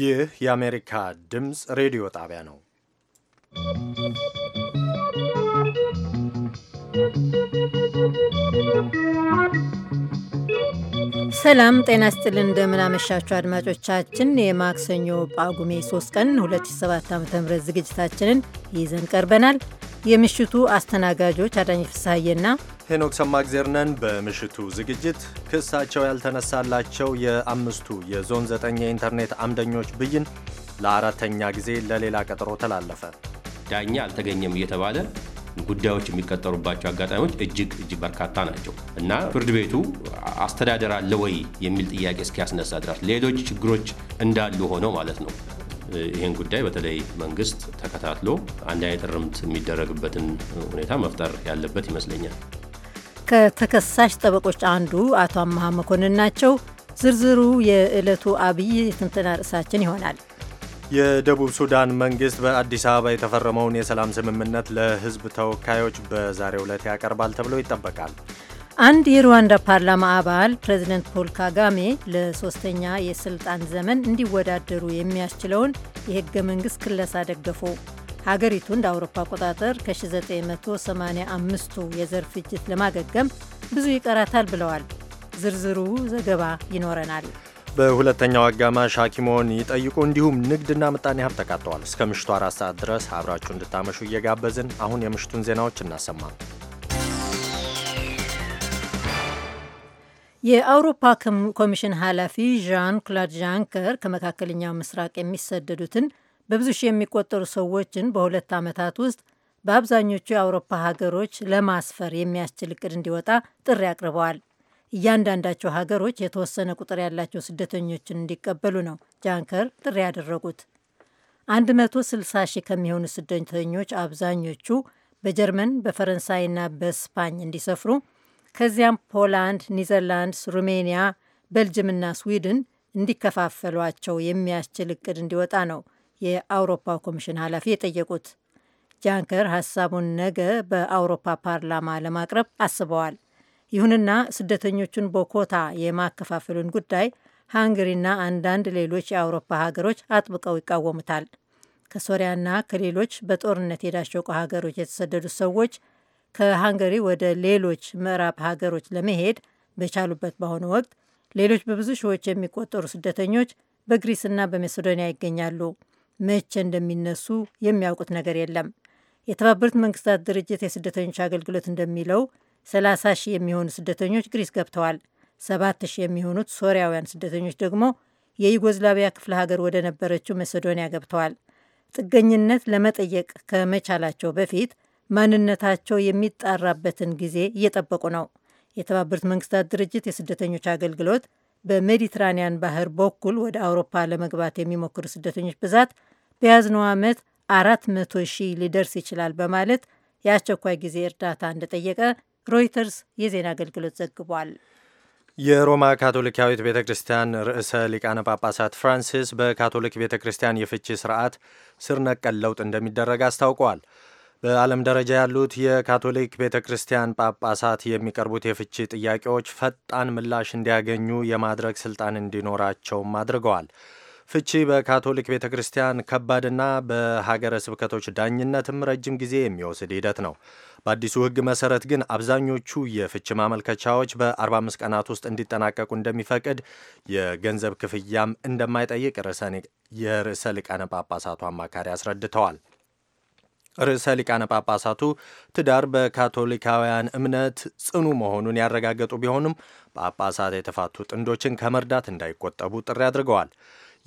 ይህ የአሜሪካ ድምፅ ሬዲዮ ጣቢያ ነው። ሰላም ጤና ስጥልን፣ እንደምናመሻችሁ አድማጮቻችን። የማክሰኞ ጳጉሜ 3 ቀን 2007 ም ዝግጅታችንን ይዘን ቀርበናል። የምሽቱ አስተናጋጆች አዳኝ ፍስሐዬና ሄኖክ ሰማግዜርነን። በምሽቱ ዝግጅት ክሳቸው ያልተነሳላቸው የአምስቱ የዞን ዘጠኝ የኢንተርኔት አምደኞች ብይን ለአራተኛ ጊዜ ለሌላ ቀጠሮ ተላለፈ። ዳኛ አልተገኘም እየተባለ ጉዳዮች የሚቀጠሩባቸው አጋጣሚዎች እጅግ እጅግ በርካታ ናቸው እና ፍርድ ቤቱ አስተዳደር አለ ወይ የሚል ጥያቄ እስኪያስነሳ ድረስ ሌሎች ችግሮች እንዳሉ ሆነው ማለት ነው። ይህን ጉዳይ በተለይ መንግስት ተከታትሎ አንድ አይነት ርምት የሚደረግበትን ሁኔታ መፍጠር ያለበት ይመስለኛል። ከተከሳሽ ጠበቆች አንዱ አቶ አመሃ መኮንን ናቸው። ዝርዝሩ የዕለቱ አብይ የትንተና ርዕሳችን ይሆናል። የደቡብ ሱዳን መንግስት በአዲስ አበባ የተፈረመውን የሰላም ስምምነት ለህዝብ ተወካዮች በዛሬው ዕለት ያቀርባል ተብሎ ይጠበቃል። አንድ የሩዋንዳ ፓርላማ አባል ፕሬዚደንት ፖል ካጋሜ ለሶስተኛ የስልጣን ዘመን እንዲወዳደሩ የሚያስችለውን የህገ መንግስት ክለሳ ደገፉ። ሀገሪቱ እንደ አውሮፓ አቆጣጠር ከ1985ቱ የዘር ፍጅት ለማገገም ብዙ ይቀራታል ብለዋል። ዝርዝሩ ዘገባ ይኖረናል። በሁለተኛው አጋማሽ ሐኪሞን ይጠይቁ እንዲሁም ንግድና ምጣኔ ሀብት ተካተዋል። እስከ ምሽቱ አራት ሰዓት ድረስ አብራችሁ እንድታመሹ እየጋበዝን አሁን የምሽቱን ዜናዎች እናሰማል። የአውሮፓ ኮሚሽን ኃላፊ ዣን ክላድ ዣንከር ከመካከለኛው ምስራቅ የሚሰደዱትን በብዙ ሺህ የሚቆጠሩ ሰዎችን በሁለት ዓመታት ውስጥ በአብዛኞቹ የአውሮፓ ሀገሮች ለማስፈር የሚያስችል እቅድ እንዲወጣ ጥሪ አቅርበዋል። እያንዳንዳቸው ሀገሮች የተወሰነ ቁጥር ያላቸው ስደተኞችን እንዲቀበሉ ነው ጃንከር ጥሪ ያደረጉት። 160 ሺህ ከሚሆኑ ስደተኞች አብዛኞቹ በጀርመን በፈረንሳይና በስፓኝ እንዲሰፍሩ ከዚያም ፖላንድ፣ ኒዘርላንድስ፣ ሩሜኒያ፣ በልጅምና ስዊድን እንዲከፋፈሏቸው የሚያስችል እቅድ እንዲወጣ ነው የአውሮፓ ኮሚሽን ኃላፊ የጠየቁት። ጃንከር ሀሳቡን ነገ በአውሮፓ ፓርላማ ለማቅረብ አስበዋል። ይሁንና ስደተኞቹን በኮታ የማከፋፈሉን ጉዳይ ሃንግሪና አንዳንድ ሌሎች የአውሮፓ ሀገሮች አጥብቀው ይቃወሙታል። ከሶሪያና ከሌሎች በጦርነት የዳሸቁ ሀገሮች የተሰደዱ ሰዎች ከሃንገሪ ወደ ሌሎች ምዕራብ ሀገሮች ለመሄድ በቻሉበት በአሁኑ ወቅት ሌሎች በብዙ ሺዎች የሚቆጠሩ ስደተኞች በግሪስና በመቄዶንያ ይገኛሉ። መቼ እንደሚነሱ የሚያውቁት ነገር የለም። የተባበሩት መንግስታት ድርጅት የስደተኞች አገልግሎት እንደሚለው 30 ሺህ የሚሆኑ ስደተኞች ግሪስ ገብተዋል። 7 ሺህ የሚሆኑት ሶሪያውያን ስደተኞች ደግሞ የዩጎዝላቪያ ክፍለ ሀገር ወደ ነበረችው መሴዶንያ ገብተዋል። ጥገኝነት ለመጠየቅ ከመቻላቸው በፊት ማንነታቸው የሚጣራበትን ጊዜ እየጠበቁ ነው። የተባበሩት መንግስታት ድርጅት የስደተኞች አገልግሎት በሜዲትራኒያን ባህር በኩል ወደ አውሮፓ ለመግባት የሚሞክሩ ስደተኞች ብዛት በያዝነው ዓመት አራት መቶ ሺህ ሊደርስ ይችላል በማለት የአስቸኳይ ጊዜ እርዳታ እንደጠየቀ ሮይተርስ የዜና አገልግሎት ዘግቧል። የሮማ ካቶሊካዊት ቤተ ክርስቲያን ርዕሰ ሊቃነ ጳጳሳት ፍራንሲስ በካቶሊክ ቤተ ክርስቲያን የፍቺ ስርዓት ስር ነቀል ለውጥ እንደሚደረግ አስታውቀዋል። በዓለም ደረጃ ያሉት የካቶሊክ ቤተ ክርስቲያን ጳጳሳት የሚቀርቡት የፍቺ ጥያቄዎች ፈጣን ምላሽ እንዲያገኙ የማድረግ ስልጣን እንዲኖራቸውም አድርገዋል። ፍቺ በካቶሊክ ቤተ ክርስቲያን ከባድና በሀገረ ስብከቶች ዳኝነትም ረጅም ጊዜ የሚወስድ ሂደት ነው። በአዲሱ ሕግ መሰረት ግን አብዛኞቹ የፍቺ ማመልከቻዎች በ45 ቀናት ውስጥ እንዲጠናቀቁ እንደሚፈቅድ፣ የገንዘብ ክፍያም እንደማይጠይቅ የርዕሰ ሊቃነ ጳጳሳቱ አማካሪ አስረድተዋል። ርዕሰ ሊቃነ ጳጳሳቱ ትዳር በካቶሊካውያን እምነት ጽኑ መሆኑን ያረጋገጡ ቢሆኑም ጳጳሳት የተፋቱ ጥንዶችን ከመርዳት እንዳይቆጠቡ ጥሪ አድርገዋል።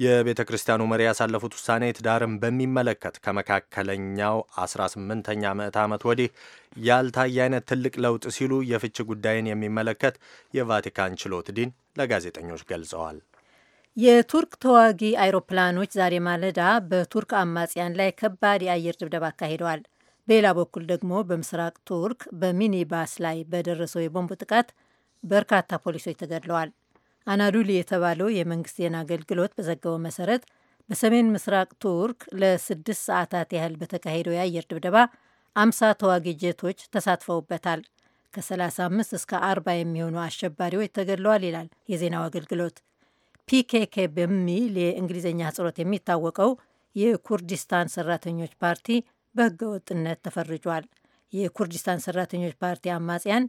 የቤተ ክርስቲያኑ መሪ ያሳለፉት ውሳኔ ትዳርን በሚመለከት ከመካከለኛው 18ኛ ምዕት ዓመት ወዲህ ያልታየ አይነት ትልቅ ለውጥ ሲሉ የፍቺ ጉዳይን የሚመለከት የቫቲካን ችሎት ዲን ለጋዜጠኞች ገልጸዋል። የቱርክ ተዋጊ አይሮፕላኖች ዛሬ ማለዳ በቱርክ አማጽያን ላይ ከባድ የአየር ድብደባ አካሂደዋል። በሌላ በኩል ደግሞ በምስራቅ ቱርክ በሚኒባስ ላይ በደረሰው የቦምብ ጥቃት በርካታ ፖሊሶች ተገድለዋል። አናዱሊ የተባለው የመንግስት ዜና አገልግሎት በዘገበው መሰረት በሰሜን ምስራቅ ቱርክ ለስድስት ሰዓታት ያህል በተካሄደው የአየር ድብደባ አምሳ ተዋጊ ጄቶች ተሳትፈውበታል። ከ35 እስከ 40 የሚሆኑ አሸባሪዎች ተገድለዋል ይላል የዜናው አገልግሎት። ፒኬኬ በሚል የእንግሊዝኛ አህጽሮት የሚታወቀው የኩርዲስታን ሰራተኞች ፓርቲ በህገወጥነት ተፈርጇል። የኩርዲስታን ሰራተኞች ፓርቲ አማጽያን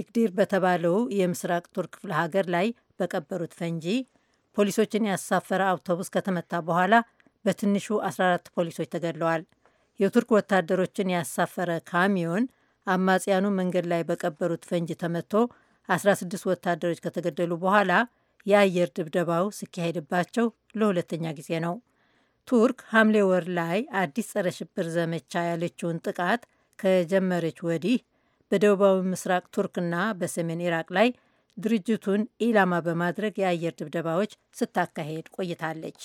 ኢግዲር በተባለው የምስራቅ ቱርክ ክፍለ ሀገር ላይ በቀበሩት ፈንጂ ፖሊሶችን ያሳፈረ አውቶቡስ ከተመታ በኋላ በትንሹ 14 ፖሊሶች ተገድለዋል። የቱርክ ወታደሮችን ያሳፈረ ካሚዮን አማጽያኑ መንገድ ላይ በቀበሩት ፈንጂ ተመቶ 16 ወታደሮች ከተገደሉ በኋላ የአየር ድብደባው ሲካሄድባቸው ለሁለተኛ ጊዜ ነው። ቱርክ ሐምሌ ወር ላይ አዲስ ጸረ ሽብር ዘመቻ ያለችውን ጥቃት ከጀመረች ወዲህ በደቡባዊ ምስራቅ ቱርክና በሰሜን ኢራቅ ላይ ድርጅቱን ኢላማ በማድረግ የአየር ድብደባዎች ስታካሄድ ቆይታለች።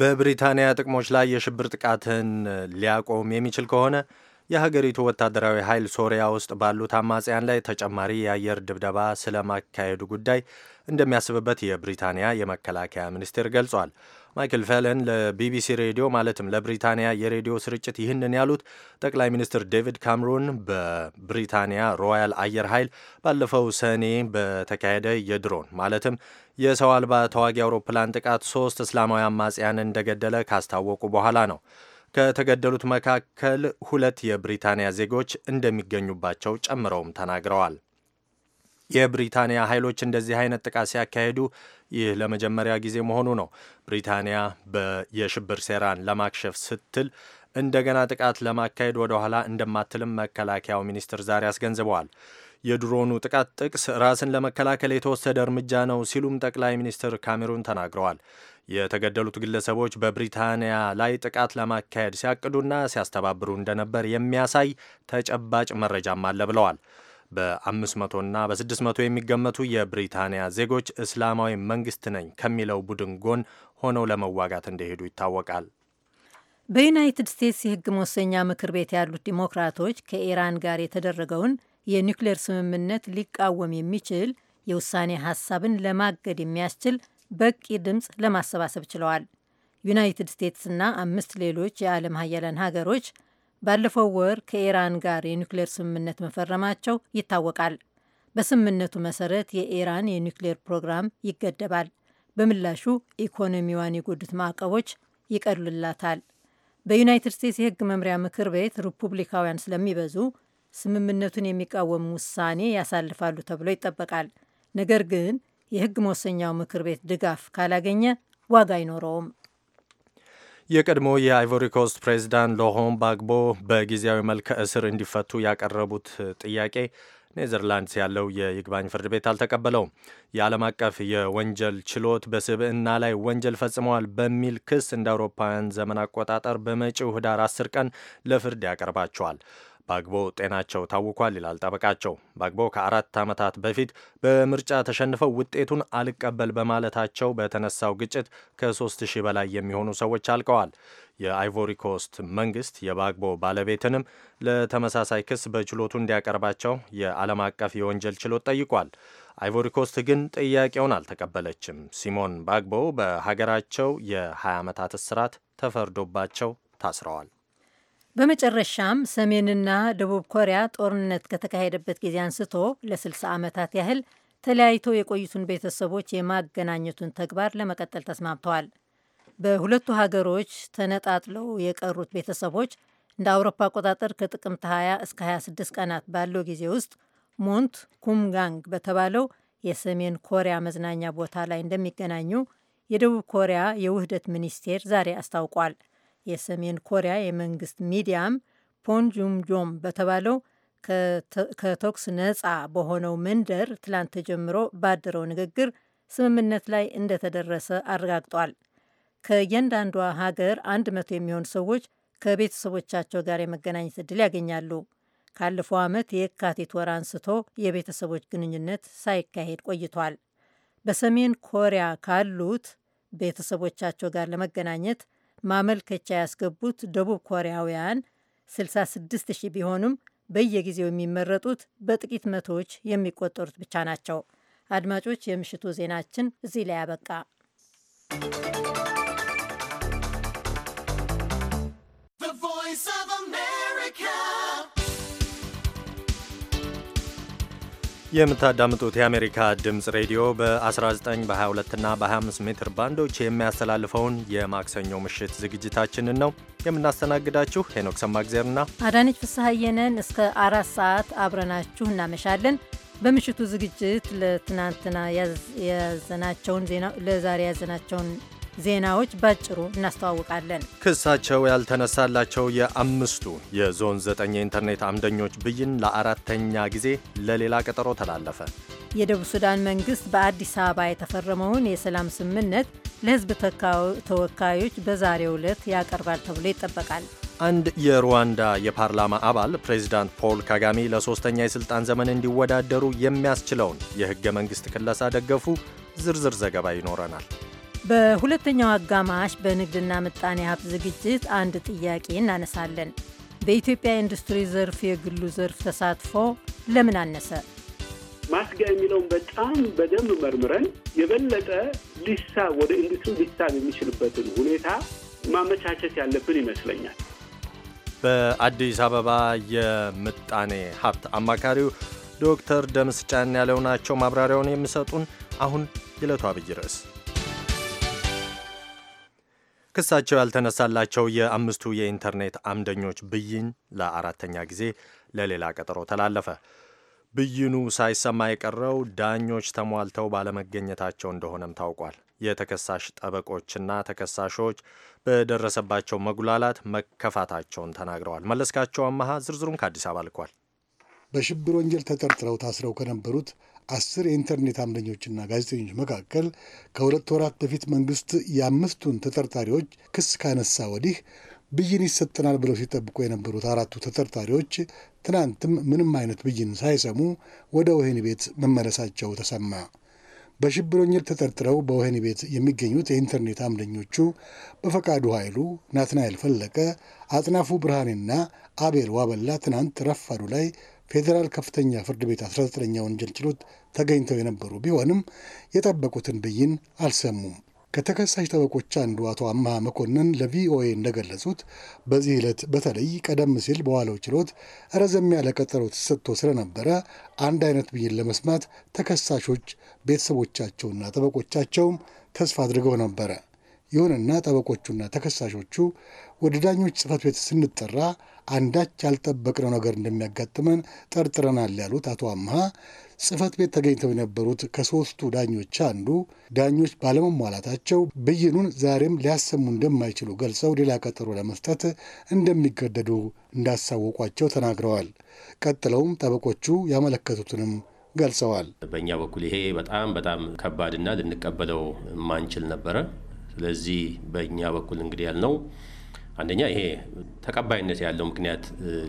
በብሪታንያ ጥቅሞች ላይ የሽብር ጥቃትን ሊያቆም የሚችል ከሆነ የሀገሪቱ ወታደራዊ ኃይል ሶሪያ ውስጥ ባሉት አማጽያን ላይ ተጨማሪ የአየር ድብደባ ስለማካሄዱ ጉዳይ እንደሚያስብበት የብሪታንያ የመከላከያ ሚኒስቴር ገልጿል። ማይክል ፌለን ለቢቢሲ ሬዲዮ ማለትም ለብሪታንያ የሬዲዮ ስርጭት ይህንን ያሉት ጠቅላይ ሚኒስትር ዴቪድ ካምሮን በብሪታንያ ሮያል አየር ኃይል ባለፈው ሰኔ በተካሄደ የድሮን ማለትም የሰው አልባ ተዋጊ አውሮፕላን ጥቃት ሶስት እስላማዊ አማጽያን እንደገደለ ካስታወቁ በኋላ ነው። ከተገደሉት መካከል ሁለት የብሪታንያ ዜጎች እንደሚገኙባቸው ጨምረውም ተናግረዋል። የብሪታንያ ኃይሎች እንደዚህ አይነት ጥቃት ሲያካሄዱ ይህ ለመጀመሪያ ጊዜ መሆኑ ነው። ብሪታንያ የሽብር ሴራን ለማክሸፍ ስትል እንደገና ጥቃት ለማካሄድ ወደኋላ እንደማትልም መከላከያው ሚኒስትር ዛሬ አስገንዝበዋል። የድሮኑ ጥቃት ጥቅስ ራስን ለመከላከል የተወሰደ እርምጃ ነው ሲሉም ጠቅላይ ሚኒስትር ካሜሩን ተናግረዋል። የተገደሉት ግለሰቦች በብሪታንያ ላይ ጥቃት ለማካሄድ ሲያቅዱና ሲያስተባብሩ እንደነበር የሚያሳይ ተጨባጭ መረጃም አለ ብለዋል። በ500ና በ600 የሚገመቱ የብሪታንያ ዜጎች እስላማዊ መንግስት ነኝ ከሚለው ቡድን ጎን ሆነው ለመዋጋት እንደሄዱ ይታወቃል። በዩናይትድ ስቴትስ የህግ መወሰኛ ምክር ቤት ያሉት ዲሞክራቶች ከኢራን ጋር የተደረገውን የኒውክሌር ስምምነት ሊቃወም የሚችል የውሳኔ ሀሳብን ለማገድ የሚያስችል በቂ ድምፅ ለማሰባሰብ ችለዋል። ዩናይትድ ስቴትስና አምስት ሌሎች የዓለም ሀያላን ሀገሮች ባለፈው ወር ከኢራን ጋር የኒውክሌር ስምምነት መፈረማቸው ይታወቃል። በስምምነቱ መሰረት የኢራን የኒውክሌር ፕሮግራም ይገደባል። በምላሹ ኢኮኖሚዋን የጎዱት ማዕቀቦች ይቀሉላታል። በዩናይትድ ስቴትስ የሕግ መምሪያ ምክር ቤት ሪፑብሊካውያን ስለሚበዙ ስምምነቱን የሚቃወም ውሳኔ ያሳልፋሉ ተብሎ ይጠበቃል። ነገር ግን የህግ መወሰኛው ምክር ቤት ድጋፍ ካላገኘ ዋጋ አይኖረውም። የቀድሞ የአይቮሪኮስት ፕሬዚዳንት ሎሆን ባግቦ በጊዜያዊ መልክ እስር እንዲፈቱ ያቀረቡት ጥያቄ ኔዘርላንድስ ያለው የይግባኝ ፍርድ ቤት አልተቀበለውም። የዓለም አቀፍ የወንጀል ችሎት በስብዕና ላይ ወንጀል ፈጽመዋል በሚል ክስ እንደ አውሮፓውያን ዘመን አቆጣጠር በመጪው ህዳር 10 ቀን ለፍርድ ያቀርባቸዋል። ባግቦ ጤናቸው ታውኳል ይላል ጠበቃቸው። ባግቦ ከአራት ዓመታት በፊት በምርጫ ተሸንፈው ውጤቱን አልቀበል በማለታቸው በተነሳው ግጭት ከሶስት ሺህ በላይ የሚሆኑ ሰዎች አልቀዋል። የአይቮሪ ኮስት መንግስት የባግቦ ባለቤትንም ለተመሳሳይ ክስ በችሎቱ እንዲያቀርባቸው የዓለም አቀፍ የወንጀል ችሎት ጠይቋል። አይቮሪ ኮስት ግን ጥያቄውን አልተቀበለችም። ሲሞን ባግቦ በሀገራቸው የ20 ዓመታት እስራት ተፈርዶባቸው ታስረዋል። በመጨረሻም ሰሜንና ደቡብ ኮሪያ ጦርነት ከተካሄደበት ጊዜ አንስቶ ለ60 ዓመታት ያህል ተለያይተው የቆዩትን ቤተሰቦች የማገናኘቱን ተግባር ለመቀጠል ተስማምተዋል። በሁለቱ ሀገሮች ተነጣጥለው የቀሩት ቤተሰቦች እንደ አውሮፓ አቆጣጠር ከጥቅምት 20 እስከ 26 ቀናት ባለው ጊዜ ውስጥ ሞንት ኩምጋንግ በተባለው የሰሜን ኮሪያ መዝናኛ ቦታ ላይ እንደሚገናኙ የደቡብ ኮሪያ የውህደት ሚኒስቴር ዛሬ አስታውቋል። የሰሜን ኮሪያ የመንግስት ሚዲያም ፖንጁምጆም በተባለው ከተኩስ ነጻ በሆነው መንደር ትላንት ተጀምሮ ባደረው ንግግር ስምምነት ላይ እንደተደረሰ አረጋግጧል። ከእያንዳንዷ ሀገር አንድ መቶ የሚሆኑ ሰዎች ከቤተሰቦቻቸው ጋር የመገናኘት ዕድል ያገኛሉ። ካለፈው ዓመት የካቲት ወር አንስቶ የቤተሰቦች ግንኙነት ሳይካሄድ ቆይቷል። በሰሜን ኮሪያ ካሉት ቤተሰቦቻቸው ጋር ለመገናኘት ማመልከቻ ያስገቡት ደቡብ ኮሪያውያን 66 ሺህ ቢሆኑም በየጊዜው የሚመረጡት በጥቂት መቶዎች የሚቆጠሩት ብቻ ናቸው። አድማጮች፣ የምሽቱ ዜናችን እዚህ ላይ አበቃ። የምታዳምጡት የአሜሪካ ድምፅ ሬዲዮ በ19 በ22ና በ25 ሜትር ባንዶች የሚያስተላልፈውን የማክሰኞ ምሽት ዝግጅታችንን ነው የምናስተናግዳችሁ ሄኖክ ሰማግዜርና አዳነች ፍስሐየነን እስከ አራት ሰዓት አብረናችሁ እናመሻለን። በምሽቱ ዝግጅት ለትናንትና ያዘናቸውን ዜና ለዛሬ ያዘናቸውን ዜናዎች ባጭሩ እናስተዋውቃለን። ክሳቸው ያልተነሳላቸው የአምስቱ የዞን ዘጠኝ የኢንተርኔት አምደኞች ብይን ለአራተኛ ጊዜ ለሌላ ቀጠሮ ተላለፈ። የደቡብ ሱዳን መንግስት በአዲስ አበባ የተፈረመውን የሰላም ስምምነት ለህዝብ ተወካዮች በዛሬው ዕለት ያቀርባል ተብሎ ይጠበቃል። አንድ የሩዋንዳ የፓርላማ አባል ፕሬዚዳንት ፖል ካጋሜ ለሶስተኛ የሥልጣን ዘመን እንዲወዳደሩ የሚያስችለውን የሕገ መንግሥት ክለሳ ደገፉ። ዝርዝር ዘገባ ይኖረናል። በሁለተኛው አጋማሽ በንግድና ምጣኔ ሀብት ዝግጅት አንድ ጥያቄ እናነሳለን። በኢትዮጵያ ኢንዱስትሪ ዘርፍ የግሉ ዘርፍ ተሳትፎ ለምን አነሰ? ማስጋ የሚለውን በጣም በደንብ መርምረን የበለጠ ሊሳ ወደ ኢንዱስትሪ ሊሳብ የሚችልበትን ሁኔታ ማመቻቸት ያለብን ይመስለኛል። በአዲስ አበባ የምጣኔ ሀብት አማካሪው ዶክተር ደምስ ጫን ያለው ናቸው ማብራሪያውን የሚሰጡን። አሁን የዕለቱ አብይ ርዕስ ክሳቸው ያልተነሳላቸው የአምስቱ የኢንተርኔት አምደኞች ብይን ለአራተኛ ጊዜ ለሌላ ቀጠሮ ተላለፈ። ብይኑ ሳይሰማ የቀረው ዳኞች ተሟልተው ባለመገኘታቸው እንደሆነም ታውቋል። የተከሳሽ ጠበቆችና ተከሳሾች በደረሰባቸው መጉላላት መከፋታቸውን ተናግረዋል። መለስካቸው አመሃ ዝርዝሩን ከአዲስ አበባ ልኳል። በሽብር ወንጀል ተጠርጥረው ታስረው ከነበሩት አስር የኢንተርኔት አምደኞችና ጋዜጠኞች መካከል ከሁለት ወራት በፊት መንግስት የአምስቱን ተጠርጣሪዎች ክስ ካነሳ ወዲህ ብይን ይሰጠናል ብለው ሲጠብቁ የነበሩት አራቱ ተጠርጣሪዎች ትናንትም ምንም አይነት ብይን ሳይሰሙ ወደ ወህኒ ቤት መመለሳቸው ተሰማ። በሽብሮኝነት ተጠርጥረው በወህኒ ቤት የሚገኙት የኢንተርኔት አምደኞቹ በፈቃዱ ኃይሉ፣ ናትናኤል ፈለቀ፣ አጥናፉ ብርሃኔና አቤል ዋበላ ትናንት ረፋዱ ላይ ፌዴራል ከፍተኛ ፍርድ ቤት 19ኛ ወንጀል ችሎት ተገኝተው የነበሩ ቢሆንም የጠበቁትን ብይን አልሰሙም። ከተከሳሽ ጠበቆች አንዱ አቶ አምሃ መኮንን ለቪኦኤ እንደገለጹት በዚህ ዕለት በተለይ ቀደም ሲል በዋለው ችሎት ረዘም ያለ ቀጠሮ ተሰጥቶ ስለነበረ አንድ አይነት ብይን ለመስማት ተከሳሾች ቤተሰቦቻቸውና ጠበቆቻቸውም ተስፋ አድርገው ነበረ። ይሁንና ጠበቆቹና ተከሳሾቹ ወደ ዳኞች ጽፈት ቤት ስንጠራ አንዳች ያልጠበቅነው ነገር እንደሚያጋጥመን ጠርጥረናል ያሉት አቶ አምሃ ጽህፈት ቤት ተገኝተው የነበሩት ከሶስቱ ዳኞች አንዱ ዳኞች ባለመሟላታቸው ብይኑን ዛሬም ሊያሰሙ እንደማይችሉ ገልጸው ሌላ ቀጠሮ ለመስጠት እንደሚገደዱ እንዳሳወቋቸው ተናግረዋል። ቀጥለውም ጠበቆቹ ያመለከቱትንም ገልጸዋል። በእኛ በኩል ይሄ በጣም በጣም ከባድና ልንቀበለው የማንችል ነበረ። ስለዚህ በእኛ በኩል እንግዲህ ያልነው አንደኛ ይሄ ተቀባይነት ያለው ምክንያት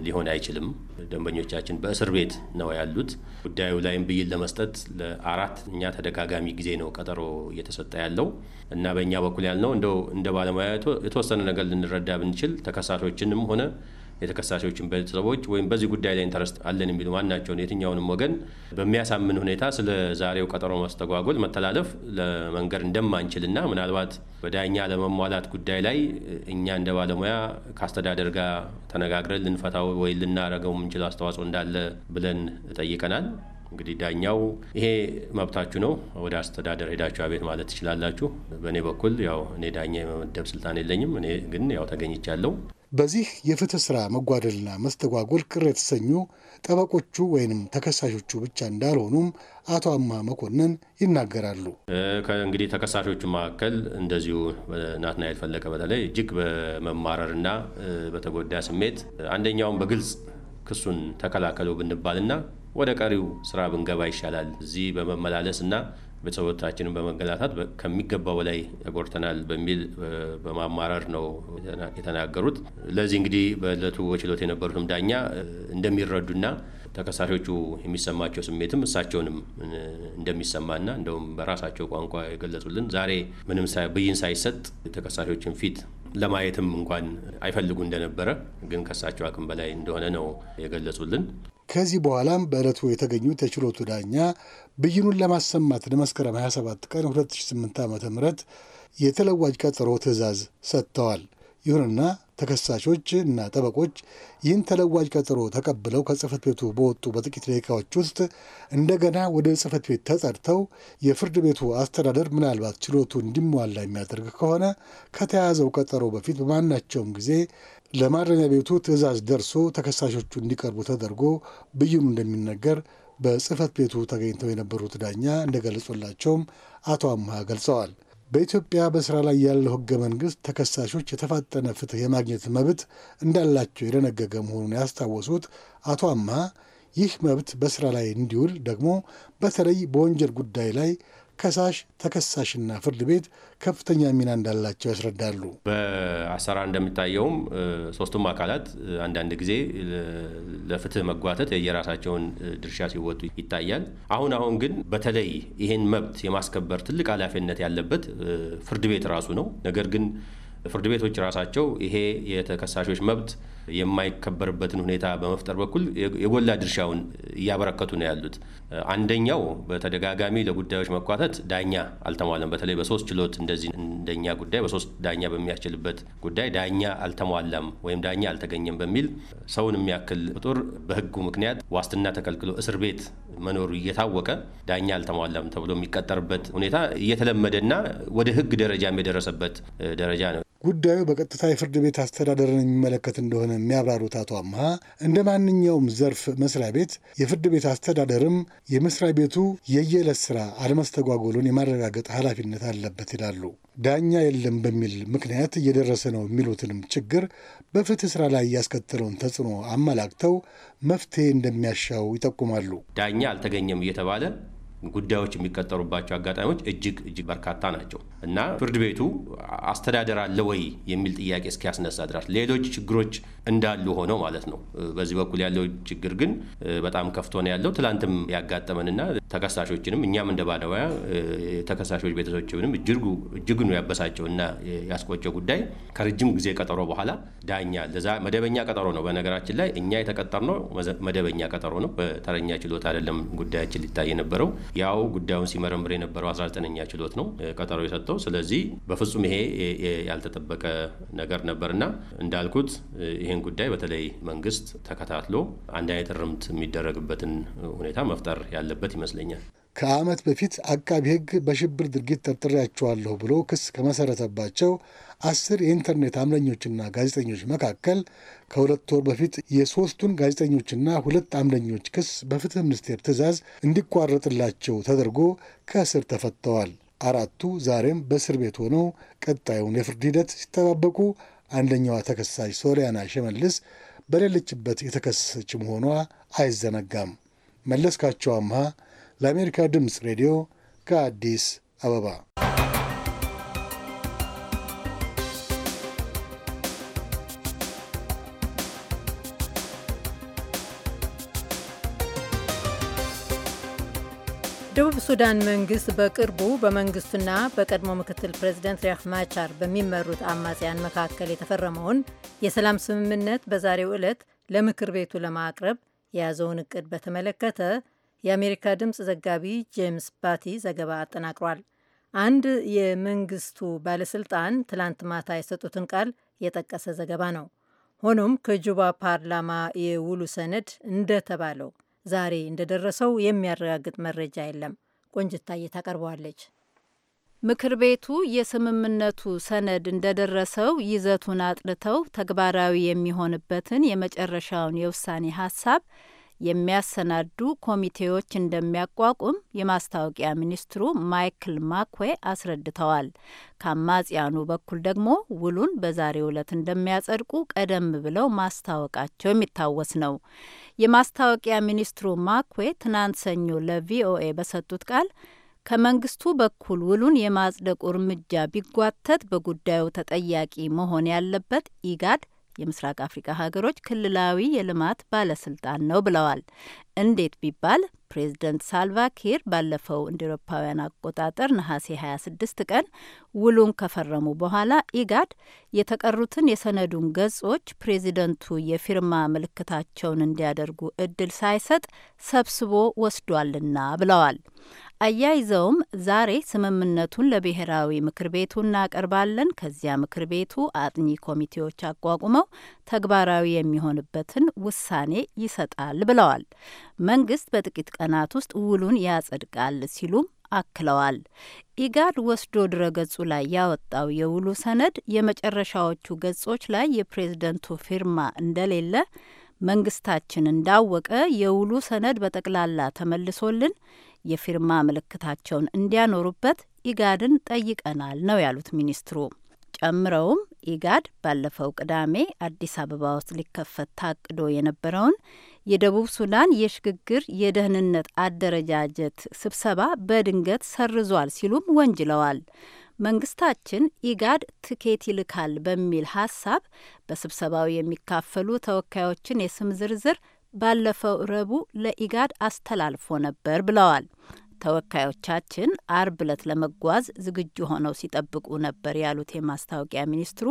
ሊሆን አይችልም። ደንበኞቻችን በእስር ቤት ነው ያሉት። ጉዳዩ ላይም ብይን ለመስጠት ለአራተኛ ተደጋጋሚ ጊዜ ነው ቀጠሮ እየተሰጠ ያለው እና በእኛ በኩል ያልነው እንደው እንደ ባለሙያ የተወሰነ ነገር ልንረዳ ብንችል ተከሳሾችንም ሆነ የተከሳሾችን ቤተሰቦች ወይም በዚህ ጉዳይ ላይ ኢንተረስት አለን የሚሉ ማናቸውን የትኛውንም ወገን በሚያሳምን ሁኔታ ስለ ዛሬው ቀጠሮ ማስተጓጎል፣ መተላለፍ ለመንገር እንደማንችልና ምናልባት በዳኛ ለመሟላት ጉዳይ ላይ እኛ እንደ ባለሙያ ከአስተዳደር ጋር ተነጋግረን ልንፈታው ወይ ልናረገው የምንችለው አስተዋጽኦ እንዳለ ብለን ጠይቀናል። እንግዲህ ዳኛው ይሄ መብታችሁ ነው፣ ወደ አስተዳደር ሄዳችሁ አቤት ማለት ትችላላችሁ። በእኔ በኩል ያው እኔ ዳኛ የመመደብ ስልጣን የለኝም። እኔ ግን ያው ተገኝቻለሁ። በዚህ የፍትህ ስራ መጓደልና መስተጓጎል ቅር የተሰኙ ጠበቆቹ ወይንም ተከሳሾቹ ብቻ እንዳልሆኑም አቶ አማ መኮንን ይናገራሉ። እንግዲህ ተከሳሾቹ መካከል እንደዚሁ ናትናኤል ፈለቀ በተለይ እጅግ በመማረርና በተጎዳ ስሜት አንደኛውን በግልጽ ክሱን ተከላከለው ብንባልና ወደ ቀሪው ስራ ብንገባ ይሻላል እዚህ በመመላለስ እና ቤተሰቦቻችንን በመገላታት ከሚገባው በላይ ያጎርተናል በሚል በማማረር ነው የተናገሩት። ለዚህ እንግዲህ በእለቱ ችሎት የነበሩትም ዳኛ እንደሚረዱና ተከሳሾቹ የሚሰማቸው ስሜትም እሳቸውንም እንደሚሰማና እንደውም በራሳቸው ቋንቋ የገለጹልን ዛሬ ምንም ብይን ሳይሰጥ ተከሳሾችን ፊት ለማየትም እንኳን አይፈልጉ እንደነበረ ግን ከእሳቸው አቅም በላይ እንደሆነ ነው የገለጹልን። ከዚህ በኋላም በዕለቱ የተገኙት የችሎቱ ዳኛ ብይኑን ለማሰማት ለመስከረም 27 ቀን 2008 ዓ ም የተለዋጅ ቀጠሮ ትዕዛዝ ሰጥተዋል። ይሁንና ተከሳሾች እና ጠበቆች ይህን ተለዋጅ ቀጠሮ ተቀብለው ከጽህፈት ቤቱ በወጡ በጥቂት ደቂቃዎች ውስጥ እንደገና ወደ ጽህፈት ቤት ተጠርተው የፍርድ ቤቱ አስተዳደር ምናልባት ችሎቱ እንዲሟላ የሚያደርግ ከሆነ ከተያዘው ቀጠሮ በፊት በማናቸውም ጊዜ ለማረሚያ ቤቱ ትዕዛዝ ደርሶ ተከሳሾቹ እንዲቀርቡ ተደርጎ ብይኑ እንደሚነገር በጽህፈት ቤቱ ተገኝተው የነበሩት ዳኛ እንደገለጹላቸውም አቶ አምሃ ገልጸዋል። በኢትዮጵያ በስራ ላይ ያለው ህገ መንግስት ተከሳሾች የተፋጠነ ፍትህ የማግኘት መብት እንዳላቸው የደነገገ መሆኑን ያስታወሱት አቶ አምሃ ይህ መብት በስራ ላይ እንዲውል ደግሞ በተለይ በወንጀል ጉዳይ ላይ ከሳሽ ተከሳሽና ፍርድ ቤት ከፍተኛ ሚና እንዳላቸው ያስረዳሉ። በአሰራ እንደሚታየውም ሶስቱም አካላት አንዳንድ ጊዜ ለፍትህ መጓተት የየራሳቸውን ድርሻ ሲወጡ ይታያል። አሁን አሁን ግን በተለይ ይህን መብት የማስከበር ትልቅ ኃላፊነት ያለበት ፍርድ ቤት ራሱ ነው። ነገር ግን ፍርድ ቤቶች ራሳቸው ይሄ የተከሳሾች መብት የማይከበርበትን ሁኔታ በመፍጠር በኩል የጎላ ድርሻውን እያበረከቱ ነው ያሉት። አንደኛው በተደጋጋሚ ለጉዳዮች መኳተት ዳኛ አልተሟላም። በተለይ በሶስት ችሎት እንደዚህ እንደኛ ጉዳይ በሶስት ዳኛ በሚያስችልበት ጉዳይ ዳኛ አልተሟላም ወይም ዳኛ አልተገኘም በሚል ሰውን የሚያክል ጡር በሕጉ ምክንያት ዋስትና ተከልክሎ እስር ቤት መኖሩ እየታወቀ ዳኛ አልተሟላም ተብሎ የሚቀጠርበት ሁኔታ እየተለመደና ወደ ሕግ ደረጃም የደረሰበት ደረጃ ነው። ጉዳዩ በቀጥታ የፍርድ ቤት አስተዳደርን የሚመለከት እንደሆነ የሚያብራሩት አቶ አምሃ እንደ ማንኛውም ዘርፍ መስሪያ ቤት የፍርድ ቤት አስተዳደርም የመስሪያ ቤቱ የየዕለት ስራ አለመስተጓጎሉን የማረጋገጥ ኃላፊነት አለበት ይላሉ። ዳኛ የለም በሚል ምክንያት እየደረሰ ነው የሚሉትንም ችግር በፍትህ ስራ ላይ ያስከተለውን ተጽዕኖ አመላክተው መፍትሄ እንደሚያሻው ይጠቁማሉ። ዳኛ አልተገኘም እየተባለ ጉዳዮች የሚቀጠሩባቸው አጋጣሚዎች እጅግ እጅግ በርካታ ናቸው እና ፍርድ ቤቱ አስተዳደር አለ ወይ የሚል ጥያቄ እስኪያስነሳ ድረስ ሌሎች ችግሮች እንዳሉ ሆነው ማለት ነው። በዚህ በኩል ያለው ችግር ግን በጣም ከፍቶ ነው ያለው። ትላንትም ያጋጠመንና ተከሳሾችንም እኛም እንደ ባለሙያ ተከሳሾች ቤተሰቦችንም እጅግ ነው ያበሳቸው እና ያስቆጨው ጉዳይ ከረጅም ጊዜ ቀጠሮ በኋላ ዳኛ ለዛ መደበኛ ቀጠሮ ነው። በነገራችን ላይ እኛ የተቀጠርነው መደበኛ ቀጠሮ ነው። በተረኛ ችሎት አይደለም ጉዳያችን ሊታይ የነበረው ያው ጉዳዩን ሲመረምር የነበረው 19ኛ ችሎት ነው ቀጠሮ የሰጠው። ስለዚህ በፍጹም ይሄ ያልተጠበቀ ነገር ነበርና እንዳልኩት ይህን ጉዳይ በተለይ መንግስት ተከታትሎ አንድ አይነት ርምት የሚደረግበትን ሁኔታ መፍጠር ያለበት ይመስለኛል። ከዓመት በፊት አቃቢ ሕግ በሽብር ድርጊት ጠርጥሬያቸዋለሁ ብሎ ክስ ከመሰረተባቸው አስር የኢንተርኔት አምለኞችና ጋዜጠኞች መካከል ከሁለት ወር በፊት የሦስቱን ጋዜጠኞችና ሁለት አምለኞች ክስ በፍትህ ሚኒስቴር ትዕዛዝ እንዲቋረጥላቸው ተደርጎ ከእስር ተፈተዋል። አራቱ ዛሬም በእስር ቤት ሆነው ቀጣዩን የፍርድ ሂደት ሲጠባበቁ፣ አንደኛዋ ተከሳሽ ሶሊያና ሽመልስ በሌለችበት የተከሰሰች መሆኗ አይዘነጋም። መለስካቸው አምሃ ለአሜሪካ ድምፅ ሬዲዮ ከአዲስ አበባ ደቡብ ሱዳን መንግስት በቅርቡ በመንግስቱና በቀድሞ ምክትል ፕሬዚደንት ሪያክ ማቻር በሚመሩት አማጽያን መካከል የተፈረመውን የሰላም ስምምነት በዛሬው ዕለት ለምክር ቤቱ ለማቅረብ የያዘውን እቅድ በተመለከተ የአሜሪካ ድምፅ ዘጋቢ ጄምስ ባቲ ዘገባ አጠናቅሯል። አንድ የመንግስቱ ባለስልጣን ትላንት ማታ የሰጡትን ቃል የጠቀሰ ዘገባ ነው። ሆኖም ከጁባ ፓርላማ የውሉ ሰነድ እንደተባለው ዛሬ እንደደረሰው የሚያረጋግጥ መረጃ የለም። ቆንጅታዬ ታቀርበዋለች። ምክር ቤቱ የስምምነቱ ሰነድ እንደደረሰው ይዘቱን አጥርተው ተግባራዊ የሚሆንበትን የመጨረሻውን የውሳኔ ሀሳብ የሚያሰናዱ ኮሚቴዎች እንደሚያቋቁም የማስታወቂያ ሚኒስትሩ ማይክል ማክዌ አስረድተዋል። ከአማጽያኑ በኩል ደግሞ ውሉን በዛሬው ዕለት እንደሚያጸድቁ ቀደም ብለው ማስታወቃቸው የሚታወስ ነው። የማስታወቂያ ሚኒስትሩ ማክዌ ትናንት ሰኞ ለቪኦኤ በሰጡት ቃል ከመንግስቱ በኩል ውሉን የማጽደቁ እርምጃ ቢጓተት በጉዳዩ ተጠያቂ መሆን ያለበት ኢጋድ የምስራቅ አፍሪካ ሀገሮች ክልላዊ የልማት ባለስልጣን ነው ብለዋል። እንዴት ቢባል ፕሬዝደንት ሳልቫ ኪር ባለፈው እንደ ኤሮፓውያን አቆጣጠር ነሐሴ 26 ቀን ውሉን ከፈረሙ በኋላ ኢጋድ የተቀሩትን የሰነዱን ገጾች ፕሬዚደንቱ የፊርማ ምልክታቸውን እንዲያደርጉ እድል ሳይሰጥ ሰብስቦ ወስዷልና ብለዋል። አያይዘውም ዛሬ ስምምነቱን ለብሔራዊ ምክር ቤቱ እናቀርባለን። ከዚያ ምክር ቤቱ አጥኚ ኮሚቴዎች አቋቁመው ተግባራዊ የሚሆንበትን ውሳኔ ይሰጣል ብለዋል። መንግስት በጥቂት ቀናት ውስጥ ውሉን ያጸድቃል ሲሉም አክለዋል። ኢጋድ ወስዶ ድረገጹ ላይ ያወጣው የውሉ ሰነድ የመጨረሻዎቹ ገጾች ላይ የፕሬዝደንቱ ፊርማ እንደሌለ መንግስታችን እንዳወቀ የውሉ ሰነድ በጠቅላላ ተመልሶልን የፊርማ ምልክታቸውን እንዲያኖሩበት ኢጋድን ጠይቀናል ነው ያሉት ሚኒስትሩ። ጨምረውም ኢጋድ ባለፈው ቅዳሜ አዲስ አበባ ውስጥ ሊከፈት ታቅዶ የነበረውን የደቡብ ሱዳን የሽግግር የደህንነት አደረጃጀት ስብሰባ በድንገት ሰርዟል ሲሉም ወንጅለዋል። መንግስታችን ኢጋድ ትኬት ይልካል በሚል ሀሳብ በስብሰባው የሚካፈሉ ተወካዮችን የስም ዝርዝር ባለፈው ረቡዕ ለኢጋድ አስተላልፎ ነበር ብለዋል። ተወካዮቻችን አርብ ዕለት ለመጓዝ ዝግጁ ሆነው ሲጠብቁ ነበር ያሉት የማስታወቂያ ሚኒስትሩ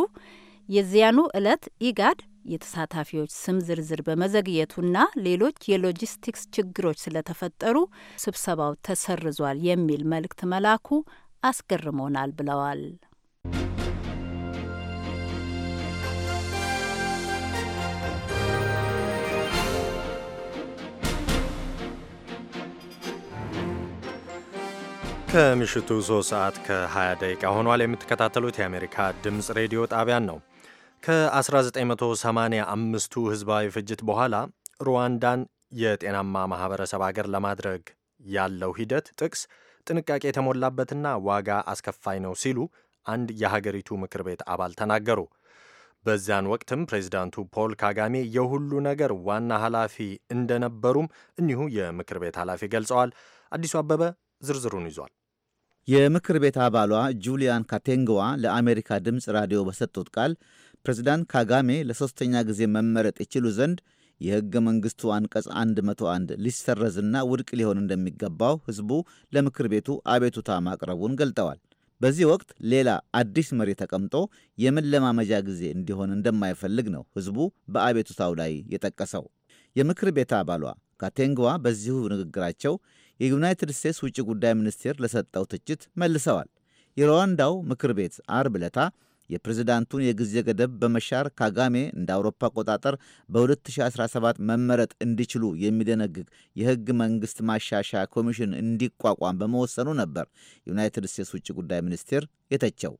የዚያኑ ዕለት ኢጋድ የተሳታፊዎች ስም ዝርዝር በመዘግየቱና ሌሎች የሎጂስቲክስ ችግሮች ስለተፈጠሩ ስብሰባው ተሰርዟል የሚል መልእክት መላኩ አስገርሞናል ብለዋል። ከምሽቱ 3 ሰዓት ከ20 ደቂቃ ሆኗል። የምትከታተሉት የአሜሪካ ድምፅ ሬዲዮ ጣቢያን ነው። ከ1985ቱ ህዝባዊ ፍጅት በኋላ ሩዋንዳን የጤናማ ማህበረሰብ አገር ለማድረግ ያለው ሂደት ጥቅስ ጥንቃቄ የተሞላበትና ዋጋ አስከፋይ ነው ሲሉ አንድ የሀገሪቱ ምክር ቤት አባል ተናገሩ። በዚያን ወቅትም ፕሬዚዳንቱ ፖል ካጋሜ የሁሉ ነገር ዋና ኃላፊ እንደነበሩም እኒሁ የምክር ቤት ኃላፊ ገልጸዋል። አዲሱ አበበ ዝርዝሩን ይዟል። የምክር ቤት አባሏ ጁሊያን ካቴንግዋ ለአሜሪካ ድምፅ ራዲዮ በሰጡት ቃል ፕሬዚዳንት ካጋሜ ለሦስተኛ ጊዜ መመረጥ ይችሉ ዘንድ የሕገ መንግሥቱ አንቀጽ 101 ሊሰረዝና ውድቅ ሊሆን እንደሚገባው ሕዝቡ ለምክር ቤቱ አቤቱታ ማቅረቡን ገልጠዋል። በዚህ ወቅት ሌላ አዲስ መሪ ተቀምጦ የመለማመጃ ጊዜ እንዲሆን እንደማይፈልግ ነው ሕዝቡ በአቤቱታው ላይ የጠቀሰው። የምክር ቤት አባሏ ካቴንግዋ በዚሁ ንግግራቸው የዩናይትድ ስቴትስ ውጭ ጉዳይ ሚኒስቴር ለሰጠው ትችት መልሰዋል። የሩዋንዳው ምክር ቤት አርብ ለታ የፕሬዝዳንቱን የጊዜ ገደብ በመሻር ካጋሜ እንደ አውሮፓ አቆጣጠር በ2017 መመረጥ እንዲችሉ የሚደነግግ የሕግ መንግሥት ማሻሻያ ኮሚሽን እንዲቋቋም በመወሰኑ ነበር ዩናይትድ ስቴትስ ውጭ ጉዳይ ሚኒስቴር የተቸው።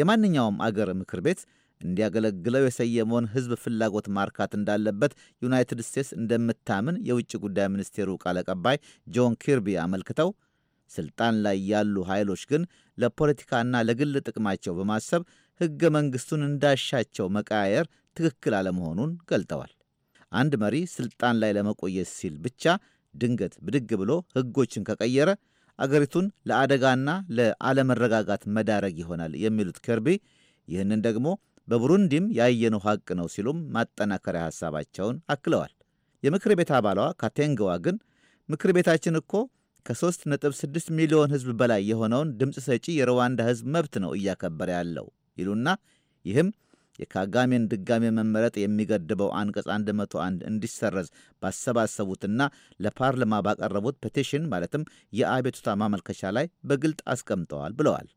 የማንኛውም አገር ምክር ቤት እንዲያገለግለው የሰየመውን ሕዝብ ፍላጎት ማርካት እንዳለበት ዩናይትድ ስቴትስ እንደምታምን የውጭ ጉዳይ ሚኒስቴሩ ቃል አቀባይ ጆን ኪርቢ አመልክተው ስልጣን ላይ ያሉ ኃይሎች ግን ለፖለቲካና ለግል ጥቅማቸው በማሰብ ሕገ መንግሥቱን እንዳሻቸው መቀያየር ትክክል አለመሆኑን ገልጠዋል። አንድ መሪ ስልጣን ላይ ለመቆየት ሲል ብቻ ድንገት ብድግ ብሎ ሕጎችን ከቀየረ አገሪቱን ለአደጋና ለአለመረጋጋት መዳረግ ይሆናል የሚሉት ከርቢ ይህንን ደግሞ በቡሩንዲም ያየነው ሐቅ ነው ሲሉም ማጠናከሪያ ሐሳባቸውን አክለዋል። የምክር ቤት አባሏ ካቴንገዋ ግን ምክር ቤታችን እኮ ከ3.6 ሚሊዮን ሕዝብ በላይ የሆነውን ድምፅ ሰጪ የሩዋንዳ ሕዝብ መብት ነው እያከበረ ያለው ይሉና ይህም የካጋሜን ድጋሜ መመረጥ የሚገድበው አንቀጽ 101 እንዲሰረዝ ባሰባሰቡትና ለፓርላማ ባቀረቡት ፔቲሽን ማለትም የአቤቱታ ማመልከቻ ላይ በግልጥ አስቀምጠዋል ብለዋል።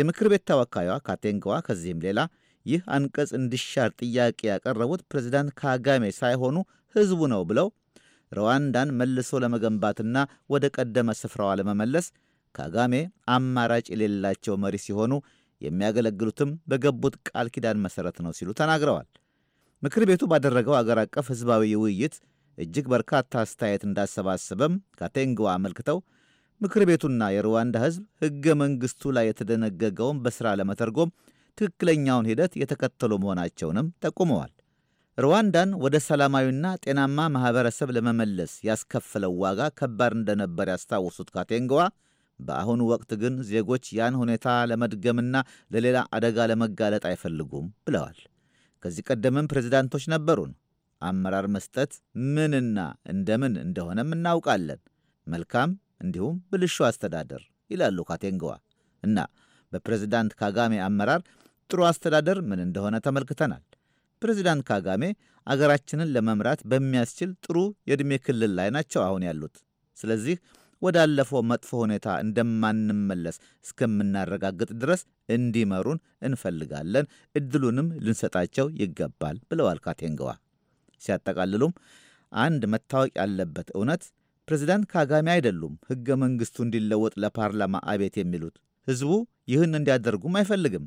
የምክር ቤት ተወካዩዋ ካቴንገዋ ከዚህም ሌላ ይህ አንቀጽ እንዲሻር ጥያቄ ያቀረቡት ፕሬዚዳንት ካጋሜ ሳይሆኑ ሕዝቡ ነው ብለው ሩዋንዳን መልሶ ለመገንባትና ወደ ቀደመ ስፍራዋ ለመመለስ ካጋሜ አማራጭ የሌላቸው መሪ ሲሆኑ የሚያገለግሉትም በገቡት ቃል ኪዳን መሠረት ነው ሲሉ ተናግረዋል። ምክር ቤቱ ባደረገው አገር አቀፍ ሕዝባዊ ውይይት እጅግ በርካታ አስተያየት እንዳሰባሰበም ካቴንግዋ አመልክተው ምክር ቤቱና የሩዋንዳ ሕዝብ ሕገ መንግሥቱ ላይ የተደነገገውን በሥራ ለመተርጎም ትክክለኛውን ሂደት የተከተሉ መሆናቸውንም ጠቁመዋል። ሩዋንዳን ወደ ሰላማዊና ጤናማ ማኅበረሰብ ለመመለስ ያስከፈለው ዋጋ ከባድ እንደነበር ያስታወሱት ካቴንገዋ በአሁኑ ወቅት ግን ዜጎች ያን ሁኔታ ለመድገምና ለሌላ አደጋ ለመጋለጥ አይፈልጉም ብለዋል። ከዚህ ቀደምም ፕሬዚዳንቶች ነበሩን። አመራር መስጠት ምንና እንደምን እንደሆነም እናውቃለን። መልካም እንዲሁም ብልሹ አስተዳደር ይላሉ ካቴንገዋ እና በፕሬዝዳንት ካጋሜ አመራር ጥሩ አስተዳደር ምን እንደሆነ ተመልክተናል። ፕሬዚዳንት ካጋሜ አገራችንን ለመምራት በሚያስችል ጥሩ የዕድሜ ክልል ላይ ናቸው አሁን ያሉት። ስለዚህ ወዳለፈው መጥፎ ሁኔታ እንደማንመለስ እስከምናረጋግጥ ድረስ እንዲመሩን እንፈልጋለን፣ እድሉንም ልንሰጣቸው ይገባል ብለዋል ካቴንገዋ። ሲያጠቃልሉም አንድ መታወቅ ያለበት እውነት ፕሬዚዳንት ካጋሜ አይደሉም ሕገ መንግሥቱ እንዲለወጥ ለፓርላማ አቤት የሚሉት ሕዝቡ ይህን እንዲያደርጉም አይፈልግም።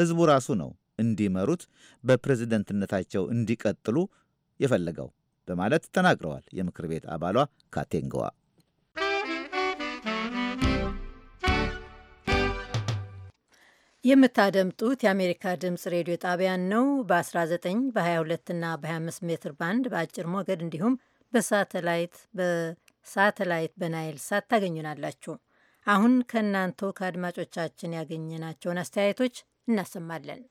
ሕዝቡ ራሱ ነው እንዲመሩት በፕሬዝደንትነታቸው እንዲቀጥሉ የፈለገው በማለት ተናግረዋል። የምክር ቤት አባሏ ካቴንገዋ የምታደምጡት የአሜሪካ ድምፅ ሬዲዮ ጣቢያን ነው። በ19 በ22 እና በ25 ሜትር ባንድ በአጭር ሞገድ እንዲሁም በሳተላይት በሳተላይት በናይል ሳት ታገኙናላችሁ። አሁን ከእናንተው ከአድማጮቻችን ያገኘናቸውን አስተያየቶች እናሰማለን።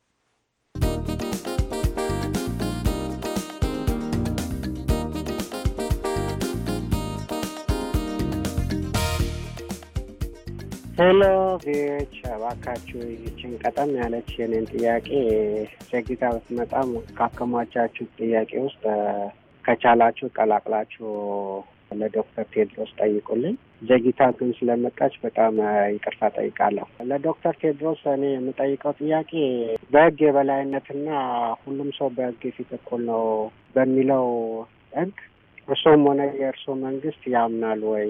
ሄሎ ቪዎች እባካችሁ ይችን ቀጠም ያለች የኔን ጥያቄ ዘግይታ ብትመጣም ካከማቻችሁ ጥያቄ ውስጥ ከቻላችሁ ቀላቅላችሁ ለዶክተር ቴድሮስ ጠይቁልኝ። ዘግይታ ግን ስለመጣች በጣም ይቅርታ ጠይቃለሁ። ለዶክተር ቴድሮስ እኔ የምጠይቀው ጥያቄ በህግ የበላይነትና ሁሉም ሰው በህግ የፊት እኩል ነው በሚለው ህግ እርሶም ሆነ የእርሶ መንግስት ያምናል ወይ?